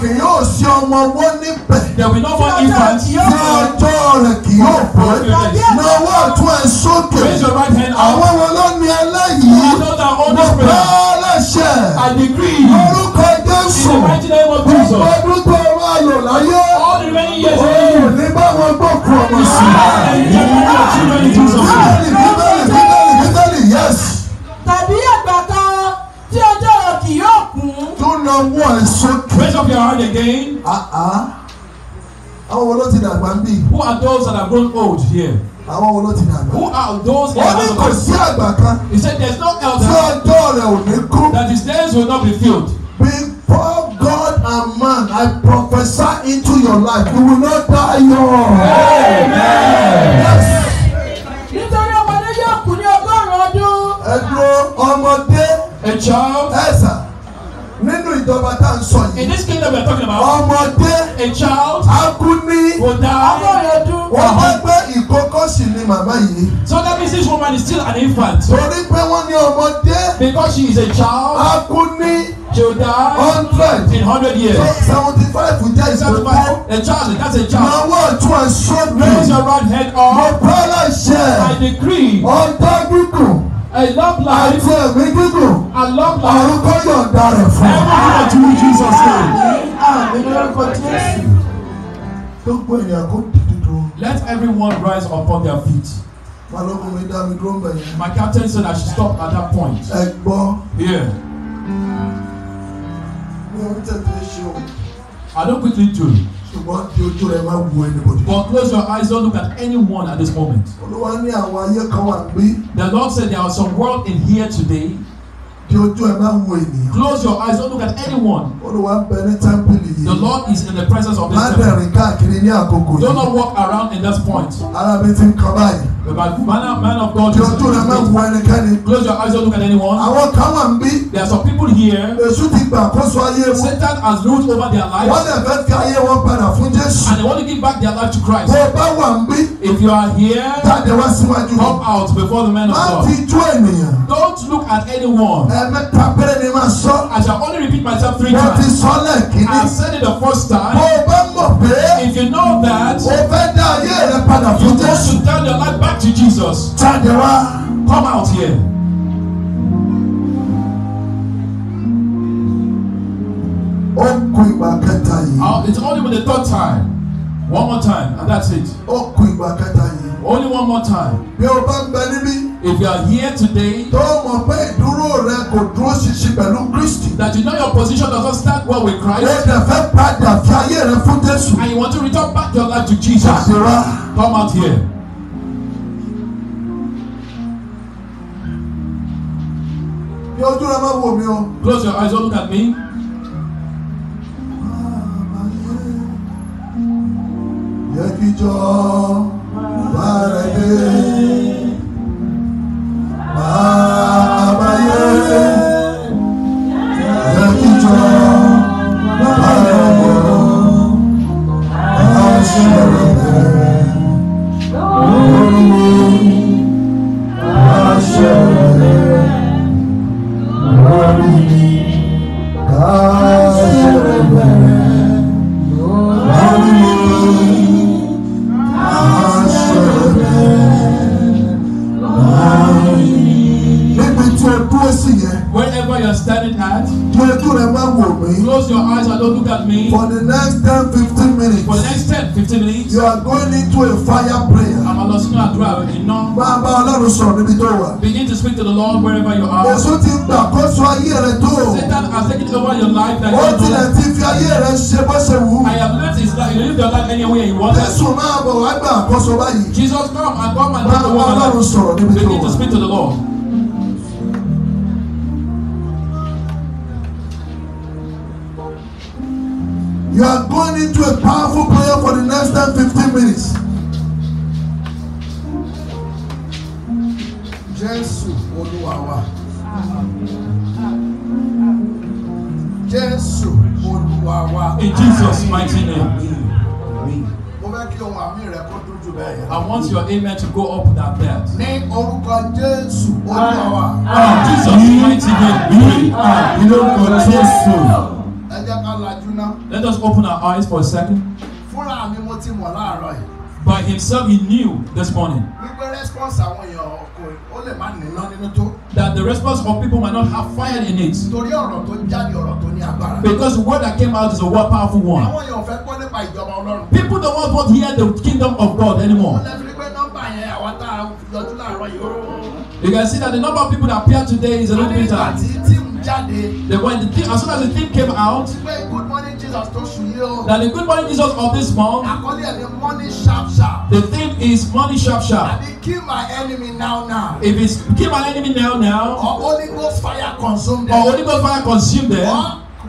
kì yóò sí ọmọ wọn níbẹ̀. tí ọjọ́ rẹ̀ kì yóò pọ̀. Ah! náwó oh, ọ̀tún ẹ̀ sókè. àwọn wọn ló ní ẹlẹ́yìí. mo bá láṣẹ. orúkọ Jésù. gbogbo ọdún tó wà lò láyé o ní bá wọn gbọ́ kú ọmọ sí i. bíbélì bíbélì yes. tàbí àgbà kan tí ọjọ́ rẹ̀ kì raise up your hand again. àwọn wo ló ti dàgbà ń bì. who are those that have grown old here. Àwọn wo ló ti dàgbà? Who are those that are not alive? Ó ní kò sí àgbà kan. He said there is no elder. Tí ọjọ́ rẹ̀ ò ní kú. That his days will not be filled. Both God and man, I prophesy into your life. You will not die young. Amen. Yes. Nítorí ọmọdé yóò kú ní ọgọ́rùn-ún ọdún. Ẹ dúró ọmọdé. A child. Yes, sir nínú ìjọba tá à sọ yìí. in this kingdom we are talking about. ọmọdé. a child. agúnní. will die. ọlọ́rẹ̀dún. wọ́n bá gbé ìkókó sì ni màmá yìí. so that means this woman is still an infant. torí pé wọ́n ní ọmọdé. because she is a child. agúnní. she will die. hundred. in hundred years. so seventy five jẹ́ ìsopọ̀. a child that's a child. na wọ́n tún ẹ̀ sọ́ọ̀dù. raise your right hand up. mo bá lọ I decree. ọjọ́ gígùn. I love life. Àti ẹ̀mí gígùn. I love life. Àrùn kọ́ yọ̀ǹda rẹ̀ fún. Everything to you Jesus name. Àmì lórúkọ Jésù. Gbogbo ènìyàn kò dìde dúró. Let everyone rise upon their feet. Balógun mi dá mi dúró mbẹ̀ yẹn. My captain said I should stop at that point. Ẹ gbọ́. Here. Mi ò tètè ṣe o. I don't quickly do but close your eyes don't look at anyone at this moment. the Lord said there are some world in here today. Kí ojú ẹ máa ń wo ènìyàn. Close your eyes, don't look at anyone. Olúwa ń bẹ ní tẹ́ḿpìlì yìí. The Lord is in the presence of this temple. Má bẹ̀rẹ̀ káàkiri ní àkókò yìí. Do walk around in that point. Ara mi ti ń kọ báyìí. The man of, God ojú ẹ máa ń wo ẹnikẹ́ni. Close your eyes, don't look at anyone. Àwọn kan wà ń bí. There are some people here. Èṣù ti gbà àkóso ayé wọn. Satan has ruled over their lives. Wọ́n lè fẹ́ kí ayé wọn padà fún Jésù. And they want to give back their life to Christ. Bó o bá wà ń bí. If you are here, jáde wá síwájú. Come out before the men of God. Má ti jó Don't look at anyone. Ẹ̀mẹ́ta péré ni máa sọ. I shall only repeat myself three times. Mo ti sọ lẹ́ẹ̀kínní. I said it the first time. Mo bá mọ̀ pé. If you know that. O fẹ́ dá ayé rẹ padà fún Jésù. You want to turn your life back to Jesus. Jáde wá. Come out here. Ó kú ìgbà kẹta yìí. Uh, it's only with the third time one more time and that's it. ó kù ìgbà kẹta yìí. only one more time. bí o bá ń bẹ níbí. if you are here today. tó o mọ̀ pé ìdúró rẹ kò dúró ṣinṣin pẹ̀lú Kristi. that you know your position does not stand well with Christ. ó dẹ̀ fẹ́ padà fi ayé rẹ fún Jésù. and you want to return back your life to Jesus. ṣàṣìrà. come out here. bí ojú rẹ bá wò mí o. close your eyes don't look at me. jẹ́ kíjọ bára dé máa àbáyé jẹ́ kíjọ bára dé máa sọ̀rọ̀. close your eyes and don't look at me. For the next ten fifteen minutes. For the next ten fifteen minutes. You are going into a fire prayer. Àmọ́ lọ sínú àdúrà iná. Máa bá Ọlọ́run sọ̀rọ̀ níbi tó Begin to speak to the Lord wherever you are. Èso ti ń gbàkóso ayé rẹ tó. Satan has taken over your life like you know. Ó ti fi ayé rẹ ṣe bó ṣe wù. I have let his life live your life anywhere you want. Jésù máa bọ̀ wá gbà àkóso báyìí. Jesus come and come and take over your life. Máa bá Begin to speak to the Lord. You are going into a powerful prayer for the next 10 15 minutes. Jésù Olúwa Jesus Jésù Olúwa wa. In Jesus' mighty name. I want your amen to go up that bed. Name orúkọ Jesus Olúwa wa. In ah, Jesus' mighty name. Ní ah, orúkọ Jésù let us open our eyes for a second. by himself he knew this morning. that the response of people might not have fire in it. because the word that came out is a word powerful one. people don't want to hear the kingdom of God anymore. you can see that the number of people that appear today is a little bit high jáde. Then when the thing, as soon as the thing came out. Ti good morning Jesus tó sùn yìí o. That the good morning Jesus of this month. Àkọlé ẹ̀ ni money sharp sharp. The theme is money sharp sharp. Àbí kill my enemy now now. If it's kill my enemy now now. Or Holy Ghost fire consume them. Or Holy Ghost fire consume them.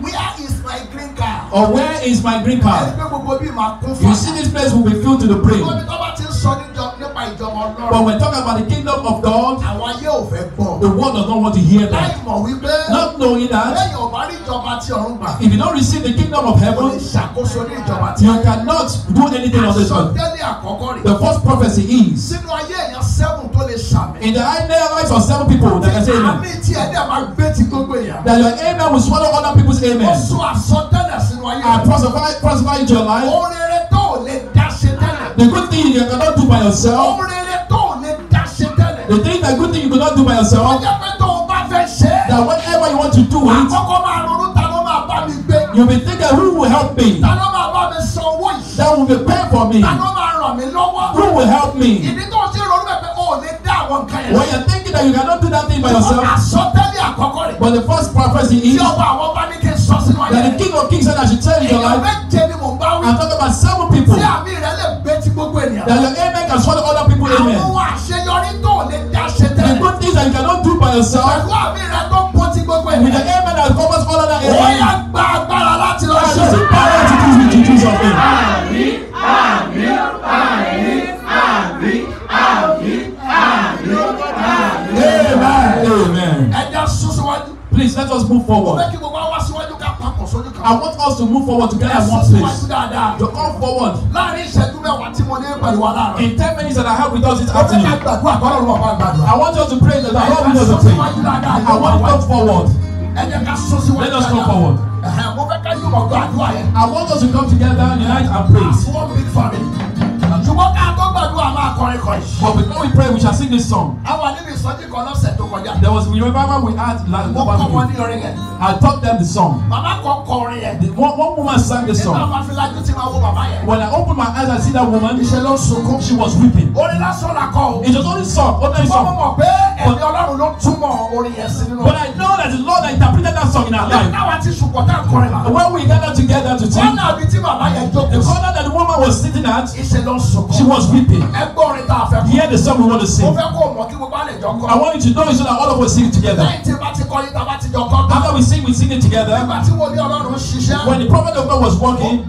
where is my green card. Or where is my green card. Ẹni pé gbogbo bíi máa kún fún. You see this place will be filled to the brim. Gbogbo mi tó bá ti sọ nípa ìjọba ọlọ́run. but when we talk about the kingdom of God. àwọn ayé ò fẹ́ gbọ́. the world does not want to hear that. láì mọ̀ wípé. not knowing that. lẹ́yìn ọ̀bá rí ìjọba ti ọ̀run gbà. if you don't receive the kingdom of heaven. o lè ṣàkóso ní ìjọba ti. you cannot do anything on this earth. àṣọtẹ́lẹ̀ àkọ́kọ́ rẹ̀. the first prophecy is. sínú ayé èèyàn seven tó lè ṣàmì. in the high life of seven people that can say amen. àmì tí ẹ̀ dẹ̀ gbé ti gbogbo èèyàn. that your amen will swallow other people's amen. ó sọ àṣọtẹ́lẹ̀ sínú ayé. and prosper prosper into your life the good thing you cannot do by yourself. ohun rere tó o the thing that good thing you cannot do by yourself. that whatever you want to do with. àkọ́kọ́ you be think that who will help me. that will be pay for me. who will help me when you're thinking that you cannot do that thing by yourself. but the first prophecy is. that the king of kings said I should tell you your life. I'm talking about seven people. that your amen can swallow other people amen. the good things that you cannot do by yourself. with the amen that covers all other amen. wọ́n yà gba power to do with Jesus of him. please let us move forward. I want us to move forward together in one place. to come forward. in ten minutes that I have with us this afternoon. ó fẹ́ I want us to pray that the Lord will us to pray. I want to come forward. let us come forward. I want us to come together unite and praise ṣùgbọ́n ká tó gbàdúrà máa kọrin kọ but before we pray we shall sing this song. àwọn níbi ìsọjí kan lọ́sẹ̀ tó kọjá. there was we remember we had last week. mo kọ́ wọn ní orin yẹn. I taught them the song. bàbá kọ orin yẹn. one one woman sang the song. nígbà máa fi lajú tí máa wo bàbá yẹn. when I opened my eyes I see that woman. iṣẹ́ ló sunkún. she was weeping. orin lásán la kọ o. it was only song ordinary song. mo mọ̀ pé ẹ̀mí Ọlọ́run ló túmọ̀ orin yẹn sí nínú. but I know that the Lord that interpreted that song in our life. lẹ́yìn náà ti ṣùkọ́ tá a kọrin la. when we gather together to sing. wọ́n náà bí tí bàbá yẹn jókòó. the corner that the woman was sitting at. iṣẹ́ ló sọ sọkọ. she was weeping. ẹ gbọ́ hear the song we want to sing. I want you to know so that all of us sing together. after we sing we sing it together. when the prophet of God was working.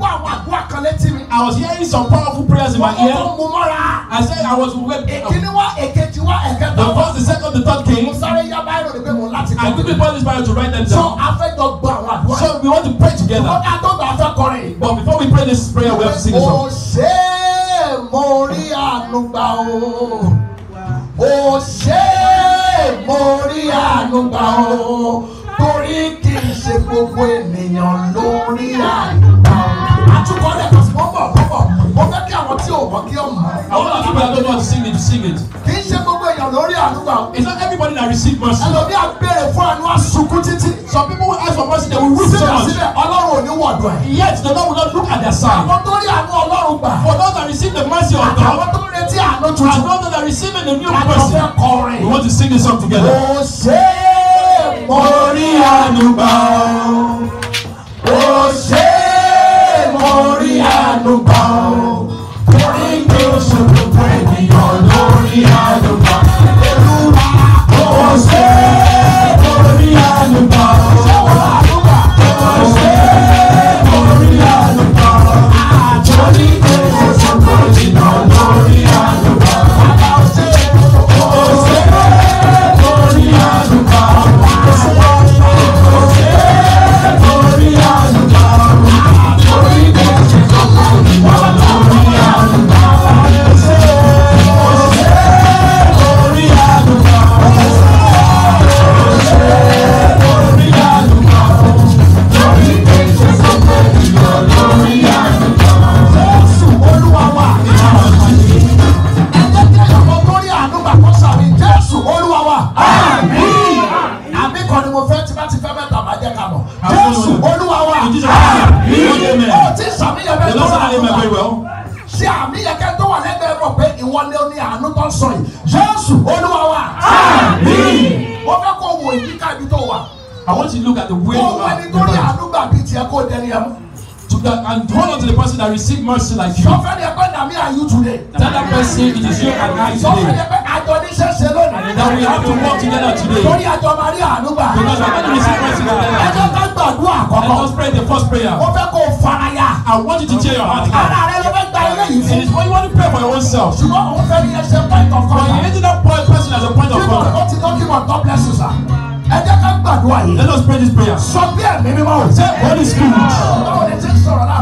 I was hearing some powerful prayers in my ear. I said I was weeping. èkíní wá the first the second the third came. I quickly bought this Bible to write them down. so a fẹ́ so we want to pray together. but before we pray this prayer we have to sing a song mo rí àánú gbà o o ṣé mo rí àánú gbà o torí kì í ṣe gbogbo ènìyàn ló rí àánú gbà o. àtúkọ̀ kò sí mọ́ bọ̀ mo fẹ́ kí àwọn tí ò wọ́n kí ọ̀ mọ́. àwọn àtúbọ̀ àtọ́jú àti sing it sing kì í ṣe gbogbo lórí àánú gbà. it's not everybody that receive mercy. ẹlòmí à ń béèrè fún àánú àsùnkún títí. some people who ask for mercy they will receive mercy. much. síbẹ̀síbẹ̀ ọlọ́run ò ní wọ̀dọ̀ ẹ̀. yet the Lord will not look at their side. àwọn tó rí àánú ọlọ́run gbà. for those that receive the mercy of God. àwọn tó retí àánú tuntun. and those that receive the new mercy. àtọ̀fẹ́ kọrin. we want to sing this song together. kò ṣe mo rí àánú gbà o. kò ṣe mo rí àánú gbà o. Bring those Lord, I do. Holy Spirit. Oh,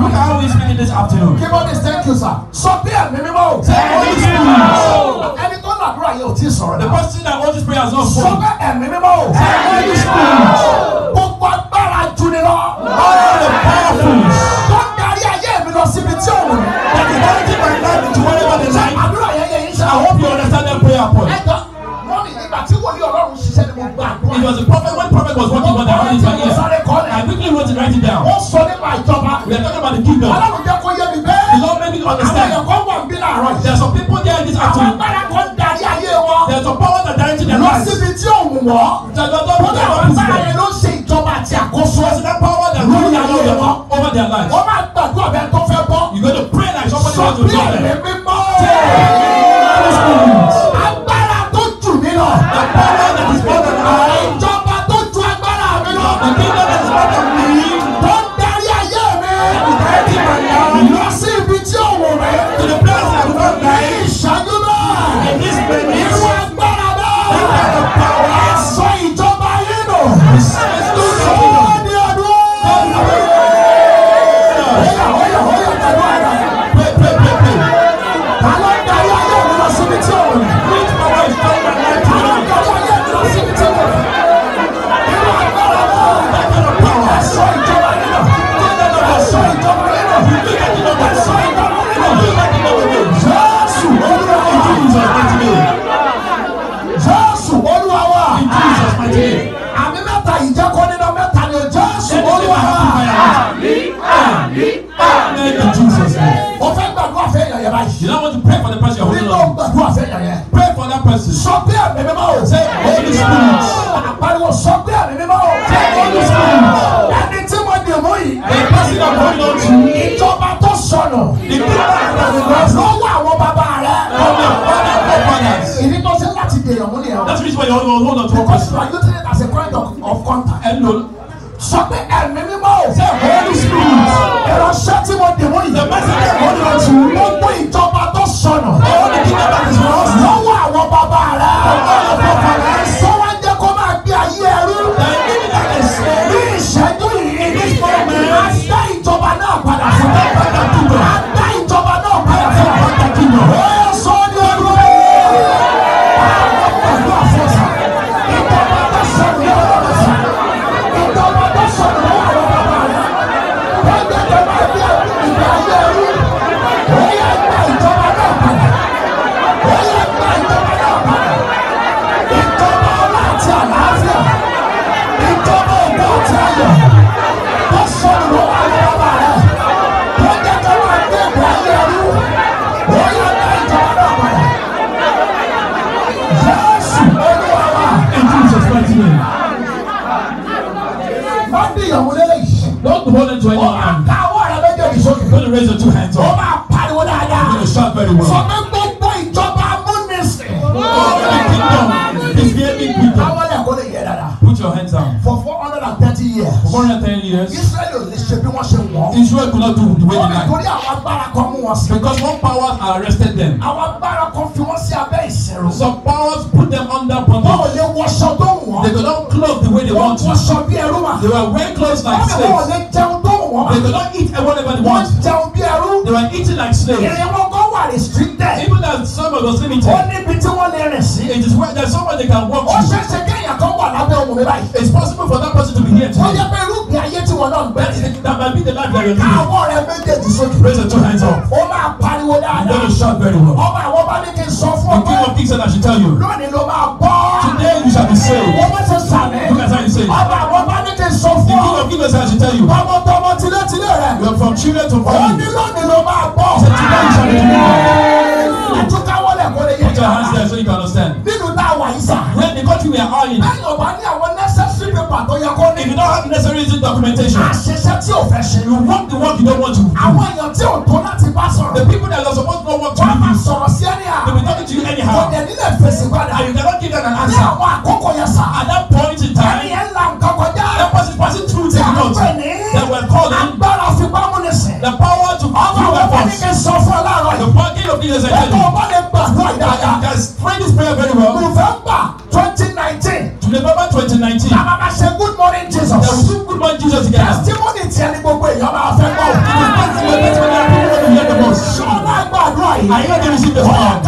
Look at how we're speaking this afternoon. Kí all this. thank you sir? Sọ bí ẹ̀mí mímọ́ o. Holy Spirit. Ẹni tó làdúrà yẹn ò tí ì sọ̀rọ̀ The person that wants this prayer has not spoken. Sọ bí ẹ̀mí mímọ́ o. Holy Spirit. 我。sọnù. lọ́wọ́ àwọn bàbá rẹ̀. ìdí tó ṣe láti dè ìyàwó nìyàwó. that's the reason why you all hold on to because you are using it as a point of, of contact. ẹ lò. sọ pé ẹ̀mí mímọ́ o. ṣe holy spirit. ìránṣẹ́ tí mo dè wọ́n yìí. the message. raise your two hands up. ó máa pariwo dáadáa. you're gonna shout very well. sọ pé gbogbo ìjọba amúnisìn. ọ̀rọ̀ kingdom is gaining people. àwọn ẹ̀kọ́ lè yẹ dáadáa. put your hands down. for four hundred and thirty years. for four hundred and thirty years. Israel ò lè ṣe bí wọ́n ṣe wọ́n. Israel could not do the way they like. torí àwọn agbára kan mú wọn sí. because one power arrested them. àwọn agbára kan fi wọ́n sí abẹ́ ìṣẹ̀rù. some powers put them under bondage. wọ́n ò lè wọṣọ tó wọ́n. they could not clothe the way they want to. wọ́n wọṣọ bí ẹrú wa. they were wearing clothes like slaves. like slaves. even though some of us limited. it is where there's is someone they can walk to. it's possible for that person to be here today. wọ́n jẹ́ that might be the life that you live. raise your two hands up. ó máa pariwo dáadáa. shout very well. ọmọ àwọn bá ní kí the king of kings said I should tell you. today you shall be saved. look at how you say it. ọmọ àwọn bá ní the king of kings said I should tell you. You're from children to family. country we are all in. báyọ̀ bá ní àwọn necessary paper tó yẹ kó ní. if you don't have necessary documentation. àṣẹṣẹ tí o fẹ́ ṣe. you want the work you don't want to. àwọn èèyàn tí o tó láti bá sọ̀rọ̀. the people that are supposed to know what to do. wọ́n máa sọ̀rọ̀ sí ẹni à. they will talk to you anyhow. kò dẹ̀ nílẹ̀ fèsì padà. and you cannot give them an answer. ní àwọn àkókò yẹn sá. at that point in time. ẹni ẹ̀ ń la nǹkan kọjá. that person passing through Take note. testimony tiẹ̀ ní gbogbo èèyàn máa fẹ́ gbọ́. ìfẹ́ ti lè fẹ́ ti lè fẹ́ ti lè fẹ́ ti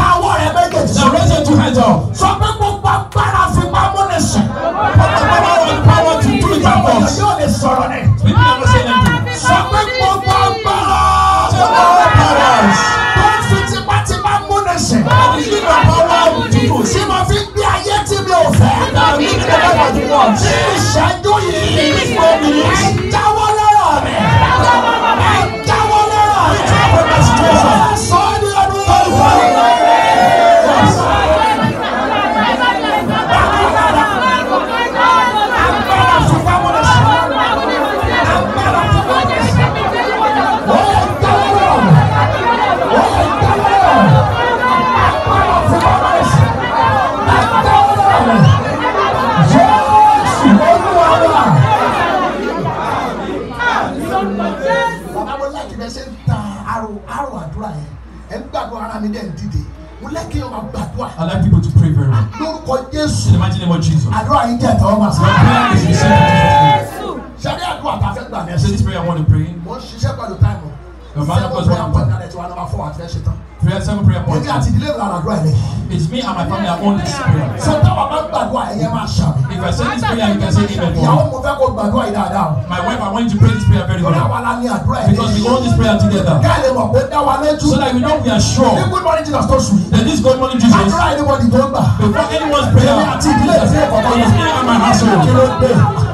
pray. because we hold this prayer together. káàlè mọ̀ pé dá wa lójú. so that we know we are sure. ní good morning Jesus tó sùn yìí. that this good morning Jesus. àdúrà anybody tó gbà. before anyone anyone's prayer. èmi àti ìdílé ìfẹ́ kọ̀ọ̀kan yìí. me and my household. kí ló dé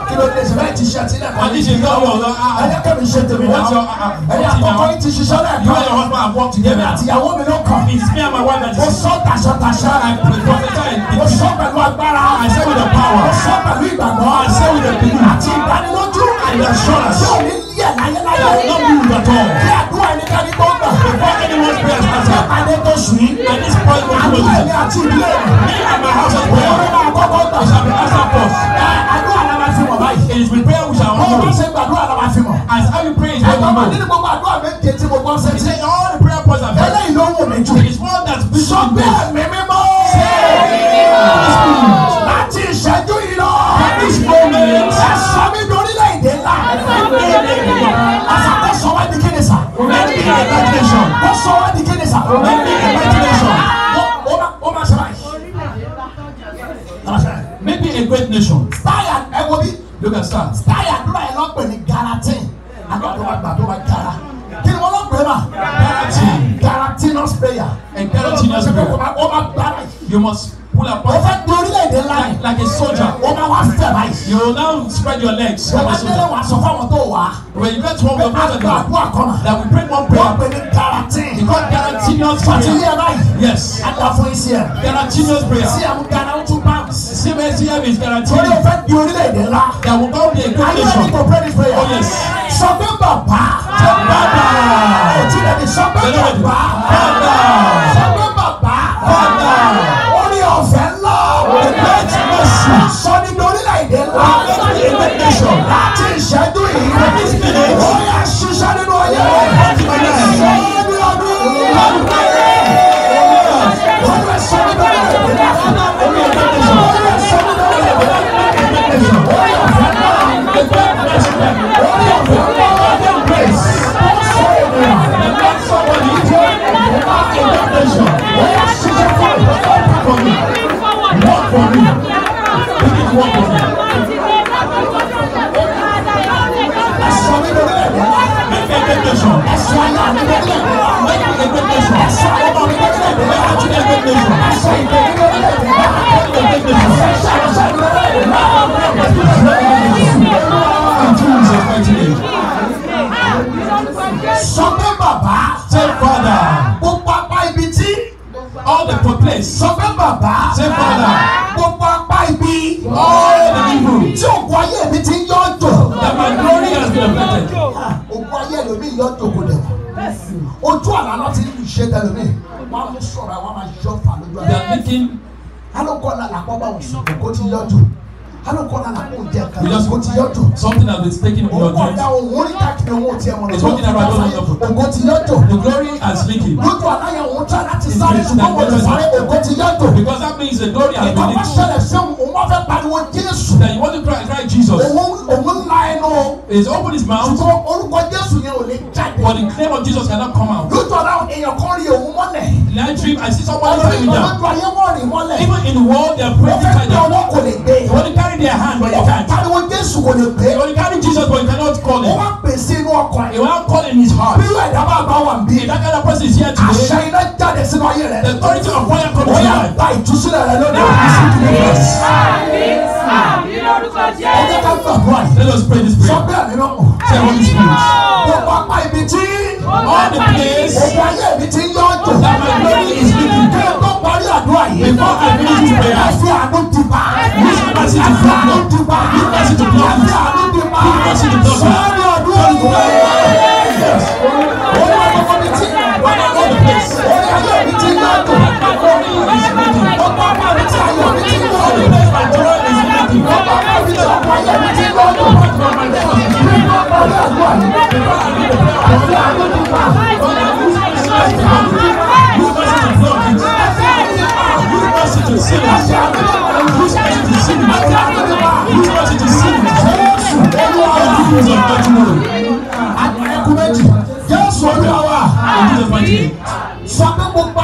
kí ló dé ṣẹlẹ̀ ti ṣe àti lẹ́kọ̀ọ́. àti ṣe ń gbọ́ ọ̀dọ́. ẹ̀yẹ kẹ́mi ṣe tèmi náà. Uh, uh, ẹ̀yẹ àkọ́kọ́ yìí ti ṣiṣẹ́ lẹ́ẹ̀kan. you and your husband have worked together. èmi àti ìyàwó mi ló kàn. it's me and my wife that is. mo sọ tàṣọ tàṣà. I prophesy. mo sọ pẹ̀lú agbára. I say with the power. mo sọ pẹ̀lú ìgbàgbọ́. I say with the belief. àti ìdánilójú. and the assurance. yóò ní No, not be at all. Bí àdúrà ní ká ní tó gbà. Before anyone's prayer is answered. Adé tó At this point we will be. Àdúrà àti ìdílé my house of Shall be answered first. Àdúrà la máa fi It is with prayer we shall know. Bó ṣe gbàdúrà la máa fi mọ̀. As how pray is how you know. All the prayer points are very. Eléyìí ló It is one that should be. Maybe a great nation. Style and ẹ wo bi. Look at star. Style and dura ẹ I pè ní Galatin. Àgbà tó wà gbà tó wà gara. Kí ni wọ́n lọ pè mà? Galatin. Galatinous prayer. And Galatinous prayer. O ma gbára yìí. You must pull up. O fẹ́ dorí lè dé Like a soldier. O ma wá fẹ̀ báyìí. You will now spread your legs. When you get home, your brother die. That we pray genius prayer. Àti yíyá báyìí. Yes. Àdàfo isi ẹ̀. There are genius prayer. Sí àwọn Ghana ó tún pounds. Sí mi sí ẹ̀mí is guaranteed. Orí òfé di orílẹ̀-èdè ńlá. There will not be a good nation. Are you ready to pray this prayer? Oh yes. Sọ pé bàbá. Sọ bàbá. Ètí rẹ̀ ni sọ pé bàbá. Bàbá. Sọ pé bàbá. Bàbá. Orí ọ̀fẹ́ ńlá. The great mercy. Sọ ni orílẹ̀-èdè ńlá. Láti nation. Ẹ̀sọ́ ayé àdúgbẹ́lẹ̀. Mẹ́kì ẹgbẹ́ nation. all the complaints. Sọ pé bàbá ṣe fọ́dà. Gbogbo apá all the people. Tí òkú ayé mi ti ń yọ jò. The minority has been affected ẹlòmíì yọ dòkò dẹ̀ ojú àlá láti ń ṣe tẹlòmíì wọn á mú sọ̀rọ̀ àwọn máa yọ fà lójú àlá alókọ̀ọ́lá làkọ́ bá wọn sọ̀rọ̀ kó ti yọjú. We just something that is taking your joy. It's something that I don't know. The glory has leaking. Because that means the glory has been leaked. That you want to cry, cry Jesus. He's opened his mouth. But the claim of Jesus cannot come out. In that dream, I see somebody coming down. Even in the world, they praying. They want raising their hand but they can't. pariwo Jésù kò lè pè. they only carry Jesus but you cannot call them. wọ́n pèsè inú ọkàn. they wan call in his heart. bí ẹ̀dá bá bá wà bí. if that kind of person is here today. àṣà iná jáde sínú ayé rẹ. the authority of fire come to you. wọ́n yà gba ìtúsílẹ̀ rẹ lónìí. ẹ jẹ́ ká gbàgbọ́ àyè. let us pray this prayer. sọ pé àmì náà. say holy spirit. gbogbo apá ibi tí. all the place. òkú ayé ibi tí yọ̀ọ́ àdúrà yìí. before I begin to pray. àti àdójúpa. àti àdójúpa. àti àdójúpa. àti àdójúpa. sọ́ọ́ni ọdún ọdún. ó wà lọ́kọ́ mi tí wà lọ́kọ́ mi tí ó yà yọ̀ mi tí náà tó. ọ̀pọ̀ àpá mi tí àyọ̀ mi tí náà tó. ọ̀pọ̀ àpá mi tí ọ̀pọ̀ àyọ̀ mi tí náà tó. àti àdójúpa. àti àdójúpa. Sọ́dún gbogbo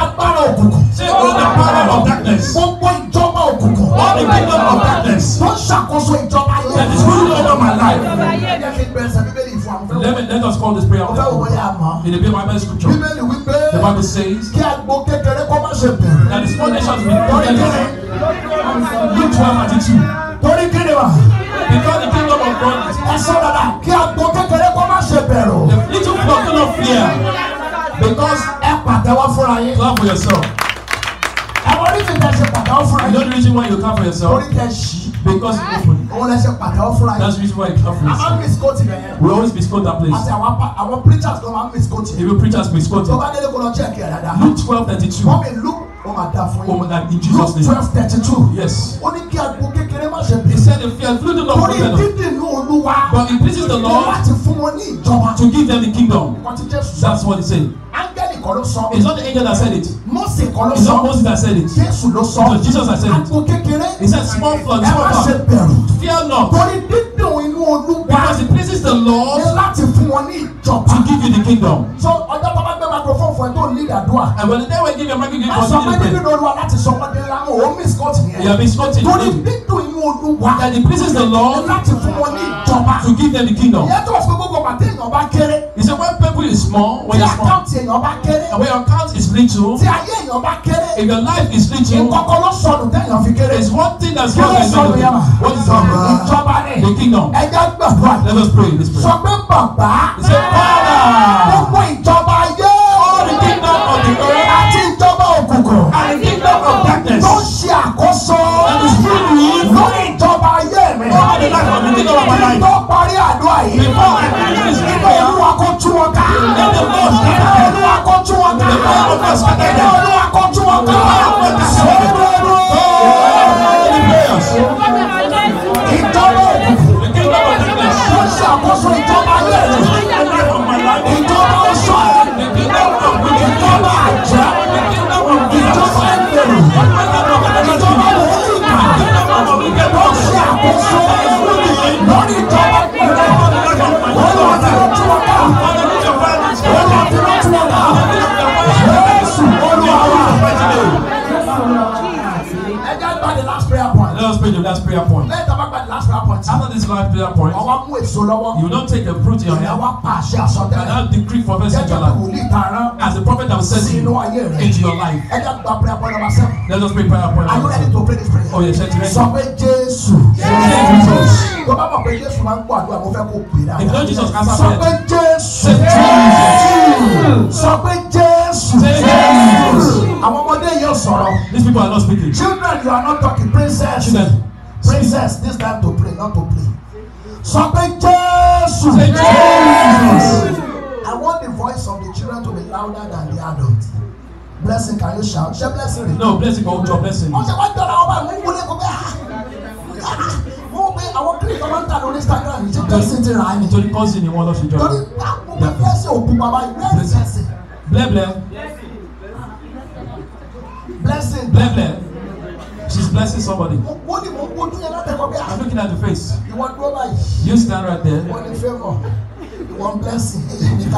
agbára òkùnkùn. Ṣé o ní power of darkness? Gbogbo ìjọba òkùnkùn. All the kingdom of darkness. Wọ́n ṣàkóso ìjọba yẹn. That is ruling over my life let, me, let us call this prayer. ọ̀fẹ́ òwò yà mọ́. in the bible scripture. the bible says. that is one nation be one nation. look for attitude. because the kingdom of God is. ẹ sọ dada the little bottle of fear. because ẹ pàtẹ́wọ́ clap for yourself àwọn oríṣi tẹ ṣe pàtàkó fúnra yín. you know the reason why you come for yourself. orí tẹ ṣí. because you open. òun lẹ ṣe pàtàkó fúnra yín. that's the reason why you come for yourself. a máa misquote ibẹ̀ yẹn. we always misquote that place. àti àwọn àwọn preachers ló máa misquote. even preachers misquote. tó bá délé kó lọ check yẹn dáadáa. Luke twelve thirty two. wọ́n mi look wọ́n máa dá fún yín. wọ́n máa in Jesus name. Luke twelve thirty two. yes. ó ní kí agbo kékeré má ṣe bí. he said the fear flew the lord for them. torí dídì ní olúwa. but he pleases the lord. láti fún wọn ní ìjọba. to give them the kingdom. that's what he said kọ́ ló sọ. it's not the angel that said it. Mósè kọ́ ló sọ. it's not Moses that said it. Jésù ló sọ. it was Jesus that said it. àpò kékeré. he said small flood small flood. ẹ má ṣe bẹ̀rù. fear not. torí dídùn inú olúwa. because he pleases the Lord. ní láti fún wọn ní ìjọba. to give you the kingdom. so ọjọ́ bàbá microphone fún ẹ tó lead àdúrà. ẹ̀wọ̀n ní tẹ́wọ̀n jí mi ọmọ kíkì kọ́ sí ìlú. ẹ̀sọ́ mẹ́tẹ́bí lọ́dún wa láti sọ ọmọdé lámú òun miss court yẹn. yà miss court yẹn. torí dídùn inú olúwa. that it pleases the Lord. láti fún wọn ní ìjọba. to give them the kingdom. ìyẹn tó o gbogbo pàtẹ́ èèyàn bá kéré. he said when people is small when you small. tí account èèyàn bá kéré. and when your account is little. tí ayé èèyàn bá kéré. if your life is little. ìkọ̀kọ̀ ló sọnù tẹ̀yàn fi kéré. it's one thing that's wrong with you. what is wrong with you. ìjọba ni. the kingdom. ẹ gbàgbọ́. let us pray in this prayer. sọ pé bàbá. he said father. gbogbo Vamos, vamos, last prayer point. lẹ́yìn tá a bá gba the last prayer point. after this last prayer point. ọwọ́ mú èso lọ́wọ́. you don take a fruit in your hand. ìyàwó pàṣẹ àsọtẹ́lẹ̀. and that decree professor jala. jẹ́jọ́ wòlíì tààrà. as the prophet am set you. into your life. ẹ jẹ́ gba prayer point number seven. let us pray prayer point number seven. are you ready to pray this prayer. oye ṣe ti rẹ. sọ pé jésù. jésù. tó bá mọ̀ pé jésù máa ń gbọ́ àdúrà mo fẹ́ kó pè dáadáa. if you jesus answer prayer. sọ pé jésù. sọ pé jésù. jésù. àwọn ọmọdé yóò sọ̀rọ̀. these people are not speaking. children you are not talking princess. children Jesus this time to pray not to play sọ pé Jesus I want the voice of the children to be louder than the adults blessing can you shout ṣe blessing no blessing kan jọ blessing. ọ̀sẹ̀ wọn jọra ọba mú wọlé kó bẹ́ẹ̀ ha mú pé àwọn kiri kan máa ń ta lórí Instagram blessing ti rà blessing ah, òkú bàbá blessing. báyìí. you stand right there. One favor, one blessing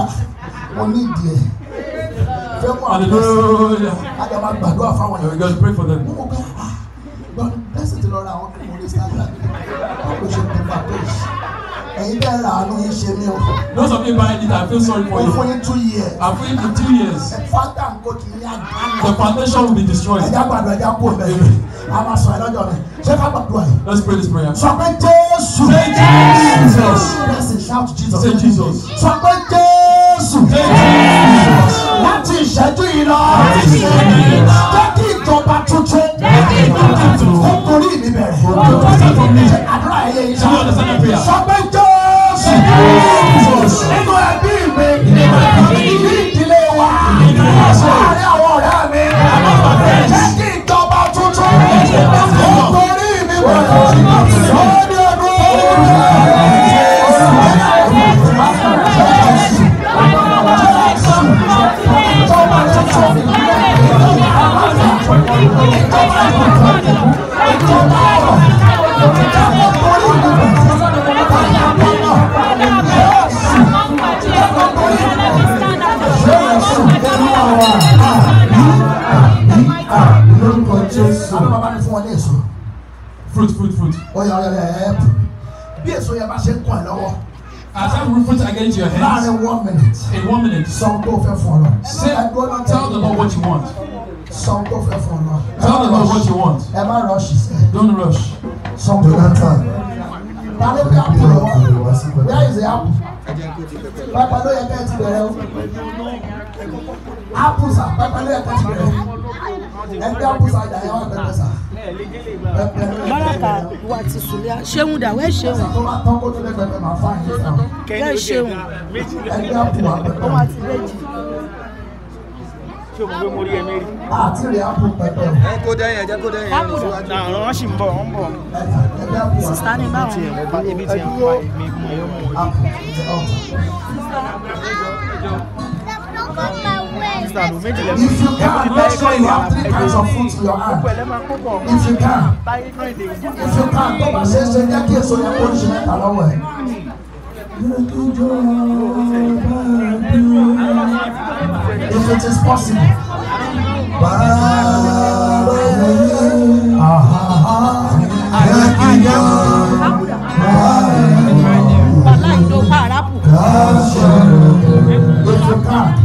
One need. ní ìdíyẹ. favour hallelujah. adama gbàdúrà fáwọn we go pray for them. mo kọ́ gbọ́n blessing ti lọ ra àwọn kìnnìún ní standard ọkọ̀ ṣe ti fà tó ṣe. ẹ̀yin bẹ́ẹ̀ rà àánú yín ṣe those of you buying it I feel sorry for you. o fún yín two years. I feel you two years. fata nko kì the foundation will be destroyed. let's pray this prayer. Say Jesus. Yes, he shout Jesus. Say Jesus. Sọ pé Jésù. Say Jesus. Láti ìṣẹ́jú yìí lọ. Láti ìṣẹ́jú yìí lọ. Jẹ́ kí ìjọba tuntun. Jẹ́ kí ìjọba tuntun. Ó borí mi bẹ̀rẹ̀. Ó borí mi bẹ̀rẹ̀. Àdúrà ẹ̀yẹ yìí. Sọ pé. in one minute. in one minute. sọ tó fẹ́ fún ọ lọ. say tell them Lord what you want. Some tó for fún ọ tell them Lord what you want. ẹ má rush don't rush. Some tó fẹ́ fún ọ lọ. tani bí apple where is the apple. pápá ló yẹ ká ẹ apple sa pápá ló yẹ ká ẹ ti apple sa wa ti sùlẹ̀ ṣéun dà wẹ́ ṣéun. wẹ́ ṣéun òun àti méjì. ṣé o mọ̀ pé mo rí ẹ méjì. àti rẹ̀ àpò pẹ̀pẹ̀. ẹ kó dẹ́yìn ẹ̀jẹ̀ kó dẹ́yìn ẹ̀jẹ̀ síwájú. àwọn wọn sì ń bọ̀ wọ́n ń bọ̀. sista ni báwọn. ebi tí a ń pa èmi mọ̀ ẹ́ mọ̀ ẹ́ dànù méjì lẹ́nu ẹ̀kú ti táyé kọ́ ìlú ẹ̀jẹ̀ sí gbogbo ẹ̀lẹ́ máa kó bọ̀ táyé náà èdè ìdí. ìfipá tó bá ṣe é ṣe jẹ́ kí èso yẹn along ṣe If it is possible. If you can.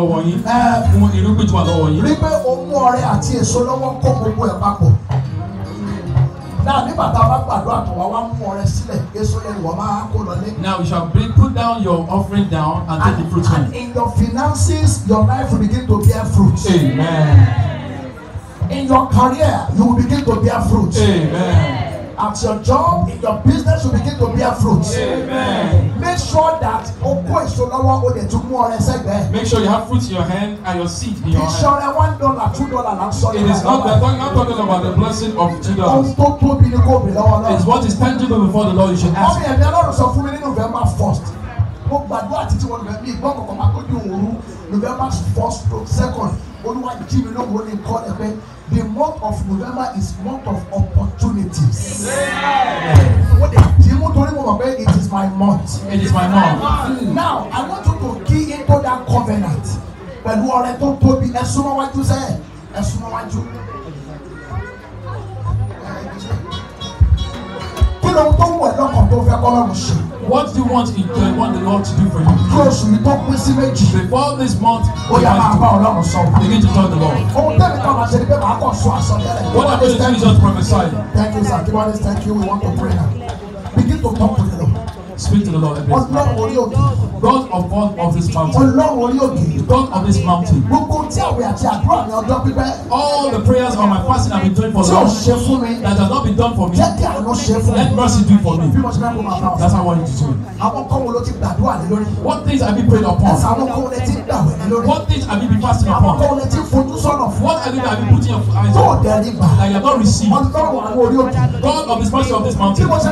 lọ́wọ́ yín. fún irúgbìn tó wà lọ́wọ́ yín. rí pé o ọrẹ àti èso lọ́wọ́ kó gbogbo ẹ̀ papọ̀. Now nígbà tá a bá gbàdúrà tó wá wá mú ọrẹ sílẹ̀ èso yẹn wọ́n máa kó lọlé. Now you shall bring put down your offering down and, take the fruit home. And in your finances your life will begin to bear fruit. Amen. In your career you will begin to bear fruit. Amen at your job in your business you begin to bear fruit. Amen. Make sure that oko èso lọ́wọ́ o lè tún mú ọrẹ sẹ́gbẹ̀ẹ́. Make sure you have fruit in your hand and your seed in your hand. Ìṣọ̀rẹ́ one dollar two dollar la ń It is not that I'm talking about the blessing of two dollars. Ohun It's what is tangible before the Lord you should ask. Ọmọ ẹ̀mí Ọlọ́run sọ fún mi ní November first. Mo gbàdúrà títí wọn November mi ìgbọ́ kọ̀ọ̀kan máa tó di òru November first to second. Olúwa jí mi lóhùn ó ní kọ́ ẹ pé the month of November is month of opportunities. Tí mo torí mo mọ̀ pé it is my month. It is my month. Mm. Now I want you to key into that covenant. Pẹ̀lú ọrẹ tó tóbi, ẹ̀sùn mọ́wájú sẹ́yìn, ẹ̀sùn mọ́wájú. kí ló ń tó wọ̀ lọ́kàn tó fẹ́ kọ́lọ́run ṣe. What do you want in the want the Lord to do for you? Kí oṣù yìí tó pín sí méjì. Before this month, ó yá máa bá Ọlọ́run sọ. Begin to tell the Lord. Ohun tẹ́lẹ̀ kan máa ṣe ni pé màá kàn sọ àṣọ tẹ́lẹ̀. What I'm going to is just prophesy. Thank you, sir. Kibanis, thank you. We want to pray now. Begin to talk to the Lord. Speak to the Lord against Ọlọ́run orí òkè. God of God of this mountain. Ọlọ́run orí òkè. The God of this mountain. Gbogbo tí àwẹ̀ àti àdúrà ní ọjọ́ All the prayers of my fasting have been doing for long. Tí o That has not been done for me. Let mercy do for me. That's how I want you to do What things have you prayed upon? What things have you been fasting upon? Àwọn kan What have you been putting your eyes on? Tó dẹ̀ That you have not received. God of this mercy of this mountain. That's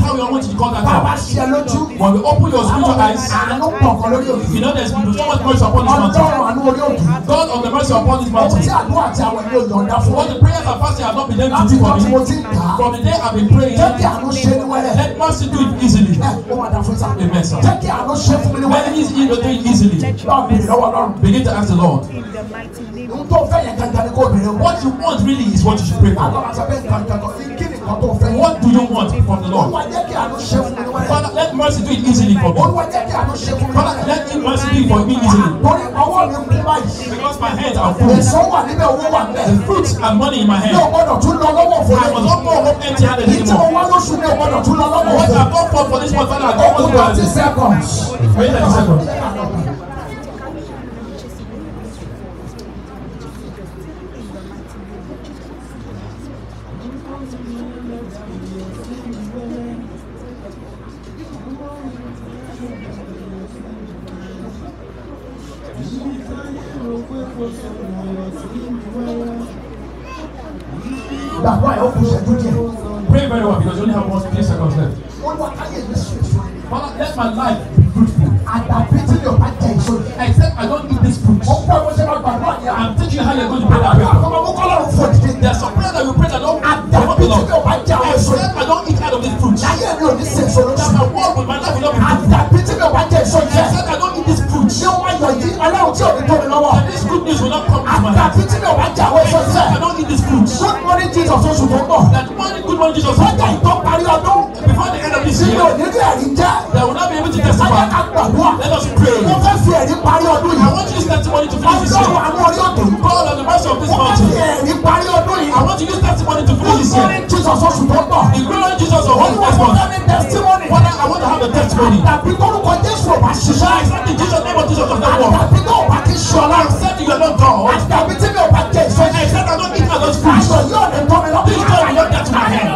how we are wanting to call that bàbá ṣe lójú. wọ́n bí open your spiritual eyes. àánú pọ̀ kan lórí òbí. you know there is been so much pressure upon this mountain. ọlọ́run àánú orí òbí. God of the mercy upon this mountain. ètí àánú àti àwọn ilé òyìn ọ̀dá fún. all the prayers and fasting have not been able to do for me. from the day I been praying. jẹ́ àánú ṣe ní wẹ́rẹ́. let mercy do it easily. ẹ ó wà dá fún sáà. amen sir. jẹ́ àánú ṣe fún mi ní wẹ́rẹ́. let me do it easily. begin to ask the Lord. in the mighty name ohun tó fẹ́ yẹn gangan ni kò béèrè. what you want really is what you should pray for. àgbà sọ pé gangan kí ni kan tó fẹ́. what do you want from the Lord. olúwa kí àánú ṣe fún mi father let mercy do it easily for me. olúwa kí àánú ṣe fún mi father let him mercy do for me easily. torí ọwọ́ mi ń kú báyìí. because my hands are full. èso wà níbẹ̀ owó wà níbẹ̀. the fruits and money in my hand. yóò gbọ́dọ̀ tún lọ lọ́wọ́ fún mi. I must not go home empty handed anymore. ìtí mo lóṣù mi ò gbọ́dọ̀ tún lọ lọ́wọ́ fún mi. what I for for this month and seconds. twenty seconds. parí ọdún. God on the mercy of this mountain. wọ́n ti ẹ̀rí parí ọdún yìí. I want to use testimony to finish this year. wọ́n ní Jesus oṣù tó ń bọ̀. the glory Jesus of one next month. wọ́n ní testimony. wọ́n I want to have a testimony. tàbí kórúkọ Jésù ọba ṣiṣẹ́. exactly Jesus name of Jesus of that world. àtàbí tó ọba kì í ṣọlá. except you are not God. àtàbí tí mi ọba jẹ ìṣọ́ I said I don't eat my God's food. aṣọ yóò lè tọ́ mi lọ. this God will not get my head.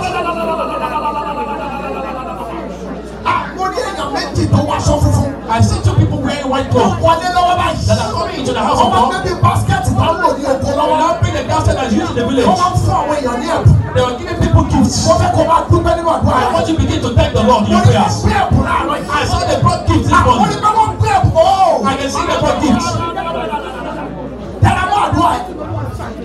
àwọn ah, èèyàn méjì tó wọ aṣọ funfun. I see two people wearing white clothes. wọ́n wọlé lọ into the house of God. ọmọ bíbí basket bá lò ní oko lọ́wọ́. wọ́n bring the basket and use in the village. wọ́n máa ń fún àwọn èèyàn ní ẹ̀bùn. they were giving people gifts. wọ́n fẹ́ kó máa dúpẹ́ nínú àdúrà rẹ̀. I want you begin to thank the Lord in your prayer. wọ́n ní ẹ̀bùn láàárọ̀ yìí. I saw they brought gifts this ah, morning. àwọn onígbà wọn gbé ẹ̀bùn o. I can see they brought gifts. tẹ̀lámọ́ àdúrà yìí.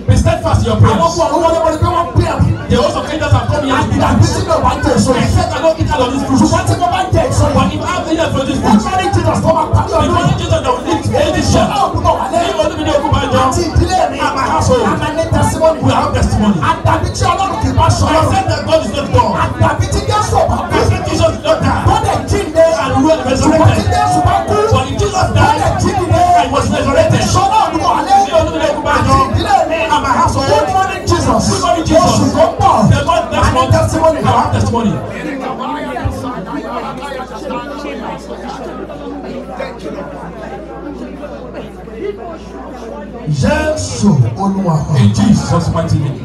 be steadfast in your prayers. àwọn ọkọ̀ àwọn ọmọdé wọn gbé wọn gbé ẹ̀bùn. the they of angels have come here to meet us. àgbẹ̀sí mi ò bá ń tẹ̀ sọ. except I no eat out of this fruit. ṣùgbọ́n tí mo bá ń tẹ̀ sọ. but if I have any of this fruit. wọ́n máa ní Jesus tó máa pàdé ọdún. because Jesus don èyí ṣe ọ̀gbọ́n wà lẹ́yìn ọdún mi ní ogún bá jọ àti ìdílé mi àmàkàso àmàlẹ́ testimony we have testimony àdàbí tí ọlọ́run kì í bá sọ ọ́ ṣe that God is not God àdàbí tí Jésù bá kú ṣe Jesus is not God God dey jíǹde and we were resurrected ṣùgbọ́n tí Jésù bá kú for the Jesus die God dey jíǹde and was resurrected ṣe ọlọ́run wà lẹ́yìn ọdún mi ní ogún bá jọ àti ìdílé mi àmàkàso good morning Jesus good morning Jesus oṣù tó pọ̀ àmì testimony. Jésù Olúwa wa. In Jesus mighty name.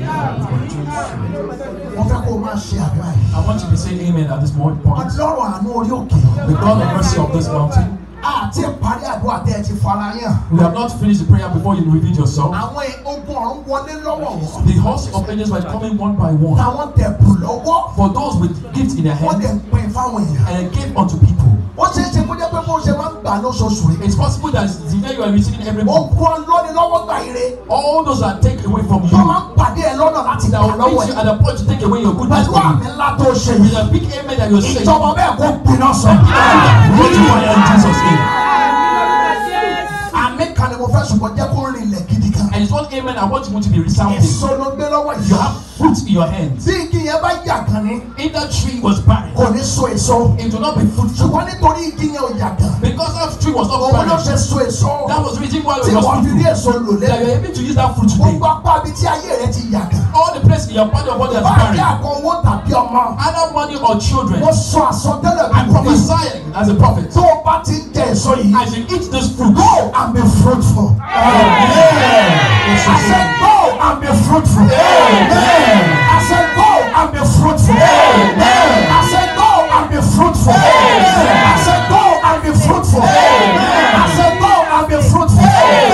Wọ́n fẹ́ kó o máa ṣe àdúrà yìí. I want you to say amen at this moment point. Wọ́n àánú orí òkè. The God of mercy of this mountain. Àti parí àdúrà tẹ́ ẹ ti fara yàn. We have not finished the prayer before you reveal yourself. Àwọn ogun ọ̀run wọlé lọ́wọ́ The host of angels were coming one by one. Àwọn tẹ̀bù lọ́wọ́. For those with gifts in their hands. Wọ́n tẹ̀ pín fáwọn èèyàn. And they gave unto people ó ṣeé ṣe kó jẹ́ pé bó ṣe máa ń gbà lóṣooṣù rẹ̀. it's possible that the day you are receiving every month. okun ọlọ́ni lọ́wọ́ gbà ire. all those are taken away from you. tó máa ń pàdé ẹ lọ́nà láti gbà ọ́ lọ́wọ́ yìí. that will meet you at the point to take away your good news. pẹ̀lú àmì ńlá tó ṣe yìí. with a big amen that you say. ìjọba bẹ́ẹ̀ kó gbiná sọ. lójú wọn yẹn Jesus name. àmì kan ni mo fẹ́ ṣùgbọ́n jẹ́ kó rìn lẹ̀ gidi kan is not amen I want you to be resounding. èso ló gbé lọ́wọ́ yìí. you have fruit in your hand. tí igi yẹn bá yà kan ní. if that tree was barren. kò ní so èso. it will not be fruitful. ṣùgbọ́n nítorí igi yẹn ò yà kan. because that tree was not barren. òun ló ṣe so èso. that was the reason why we were fruitful. tí wọ́n fi èso lò lẹ́yìn. that you are able to use that fruit today. gbogbo apá ibi tí ayé rẹ ti yà kan. all the places in your body of body has barren. báyìí àkọ owó tàbí ọmọ. either money or children. mo sọ àsọtẹ́lẹ̀ mi. I prophesy as a prophet. tó o bá ti jẹ èso yìí. as you eat this fruit. go and be fruitful. Amen. Yeah. Yeah. I said, Go and be fruitful. Amen. I said, Go and be fruitful. Amen. I said, Go and be fruitful. Amen. I said, Go and be fruitful. Amen. I said, Go and be fruitful. Amen.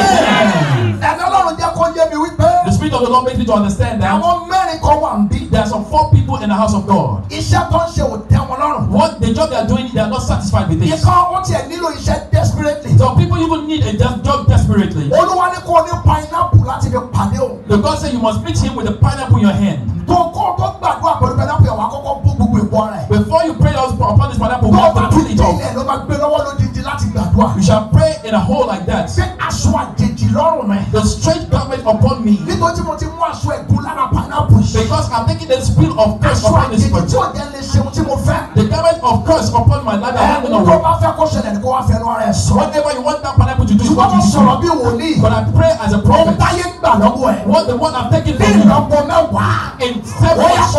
The Spirit of the Lord makes me to understand that. Àwọn mẹ́rin kan wà ń bí there are some four people in the house of God. Iṣẹ́ tó ń ṣe ò tẹ́ wọn lọ́rùn. What the job they are doing they are not satisfied with it. Ikọ̀ ó tiẹ̀ nílò iṣẹ́ desperately. So people even need a job desperately. Olúwa kò ní pineapple láti fi pàdé o. The God said you must meet him with a pineapple in your hand. Tó tó gbàdúrà pẹ̀lú pineapple yẹn wà á bú gbogbo ìbọ rẹ̀. Before you pray upon this pineapple, you have to pull it off. Tó ló máa gbé lọ́wọ́ lódìdí láti gbàdúrà. You shall pray in a hole like that. Ṣé aṣọ àjèjì lọ́rùn rẹ̀? The strange garment upon me. Nítorí mo ti mú aṣọ ẹ̀gún lára pineapple. Because I'm taking bringing the spirit of curse upon this person. The garment of curse upon my life. Whatever you want that pineapple to do. Ṣùgbọ́n mo sọ̀rọ̀ bí But I pray as a prophet. What the one I'm taken, from you. Bí ìlọ́po In seven years.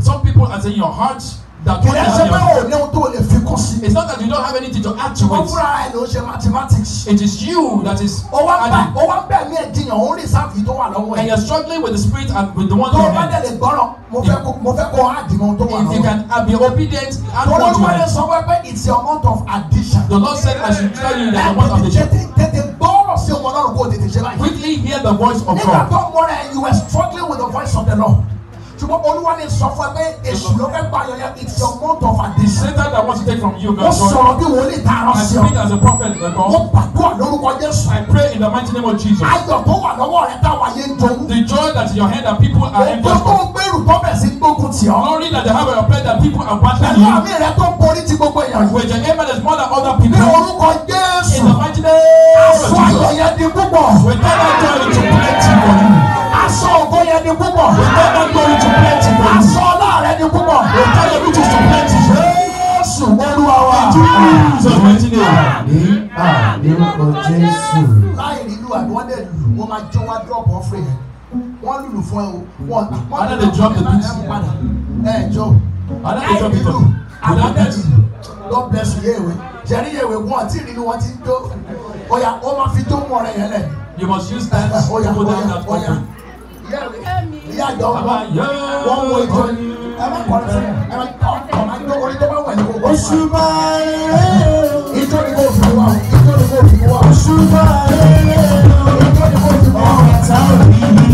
Some people are in your heart that you don't have your own. It's not that you don't have anything to add to it. It is you that is adding. And you're struggling with the spirit and with the one you have. If you can be obedient, add what you have. It's your amount of addition. The Lord said, I should tell you that the amount of addition. Quickly hear the voice of God. You were struggling with the voice of the Lord ṣùgbọ́n olúwa lè sọ fún ẹ pé èṣù ló fẹ́ gba ayọ̀ it's your month of addition. Satan that wants to take from you God. Ó sọ̀rọ̀ bí wòlíì tààrà sí ọ. I speak as a prophet God. Ó gbàdúrà lórúkọ Jésù. I pray in the mighty name of Jesus. Ayọ̀ tó wà lọ́wọ́ rẹ táwa yé ń The joy that is your hand that people are envious. Òkú tó gbèrú tọ́bẹ̀ sí gbógun tì ọ́. Glory that they have a prayer that people are wanting you. Pẹ̀lú àmì rẹ tó borí ti gbogbo èèyàn. With your aim that more than other people. Ní orúkọ Jésù. In the mighty name of Jesus. Aṣọ ayọ̀ yẹn di púpọ̀. We tell that joy to plenty for you. Aṣọ ògo yẹn ni púpọ̀. Ìtọ́jú glory to plenty. Aṣọ ọlá rẹ ni púpọ̀. Ìtọ́jú riches to plenty. Jésù olúwa wa. Jésù ní àdínkù Jésù. Láì rí lu àdúrà dẹ̀ lù, wọ́n máa jọ wá drop offering yẹn. Wọ́n lùlù fún ẹ o. Wọ́n wọ́n lè drop the beat. Ẹ jọ. Láì rí lu àdúrà dẹ̀ lù. God bless you yéèwé. Jẹ̀rí yéèwé wọn àti ìrìnnú wọn ti ń jó. Oya, ó máa fi tó mú ọ̀rẹ́ yẹn lẹ̀. You must use that to put down that offering ìyá àjọ wọn wọn wọ ìjọ ni ẹ má kọ́ ẹ ẹ má kọ́ ọkọ̀ máa ń dókòó ní tó bá wà ní kókó. oṣù máa ń rẹ̀ ìjọ ni kò fi wá ìjọ ni kò fi wá. oṣù máa ìjọ ni kò fi wá. ọ̀tá òbí.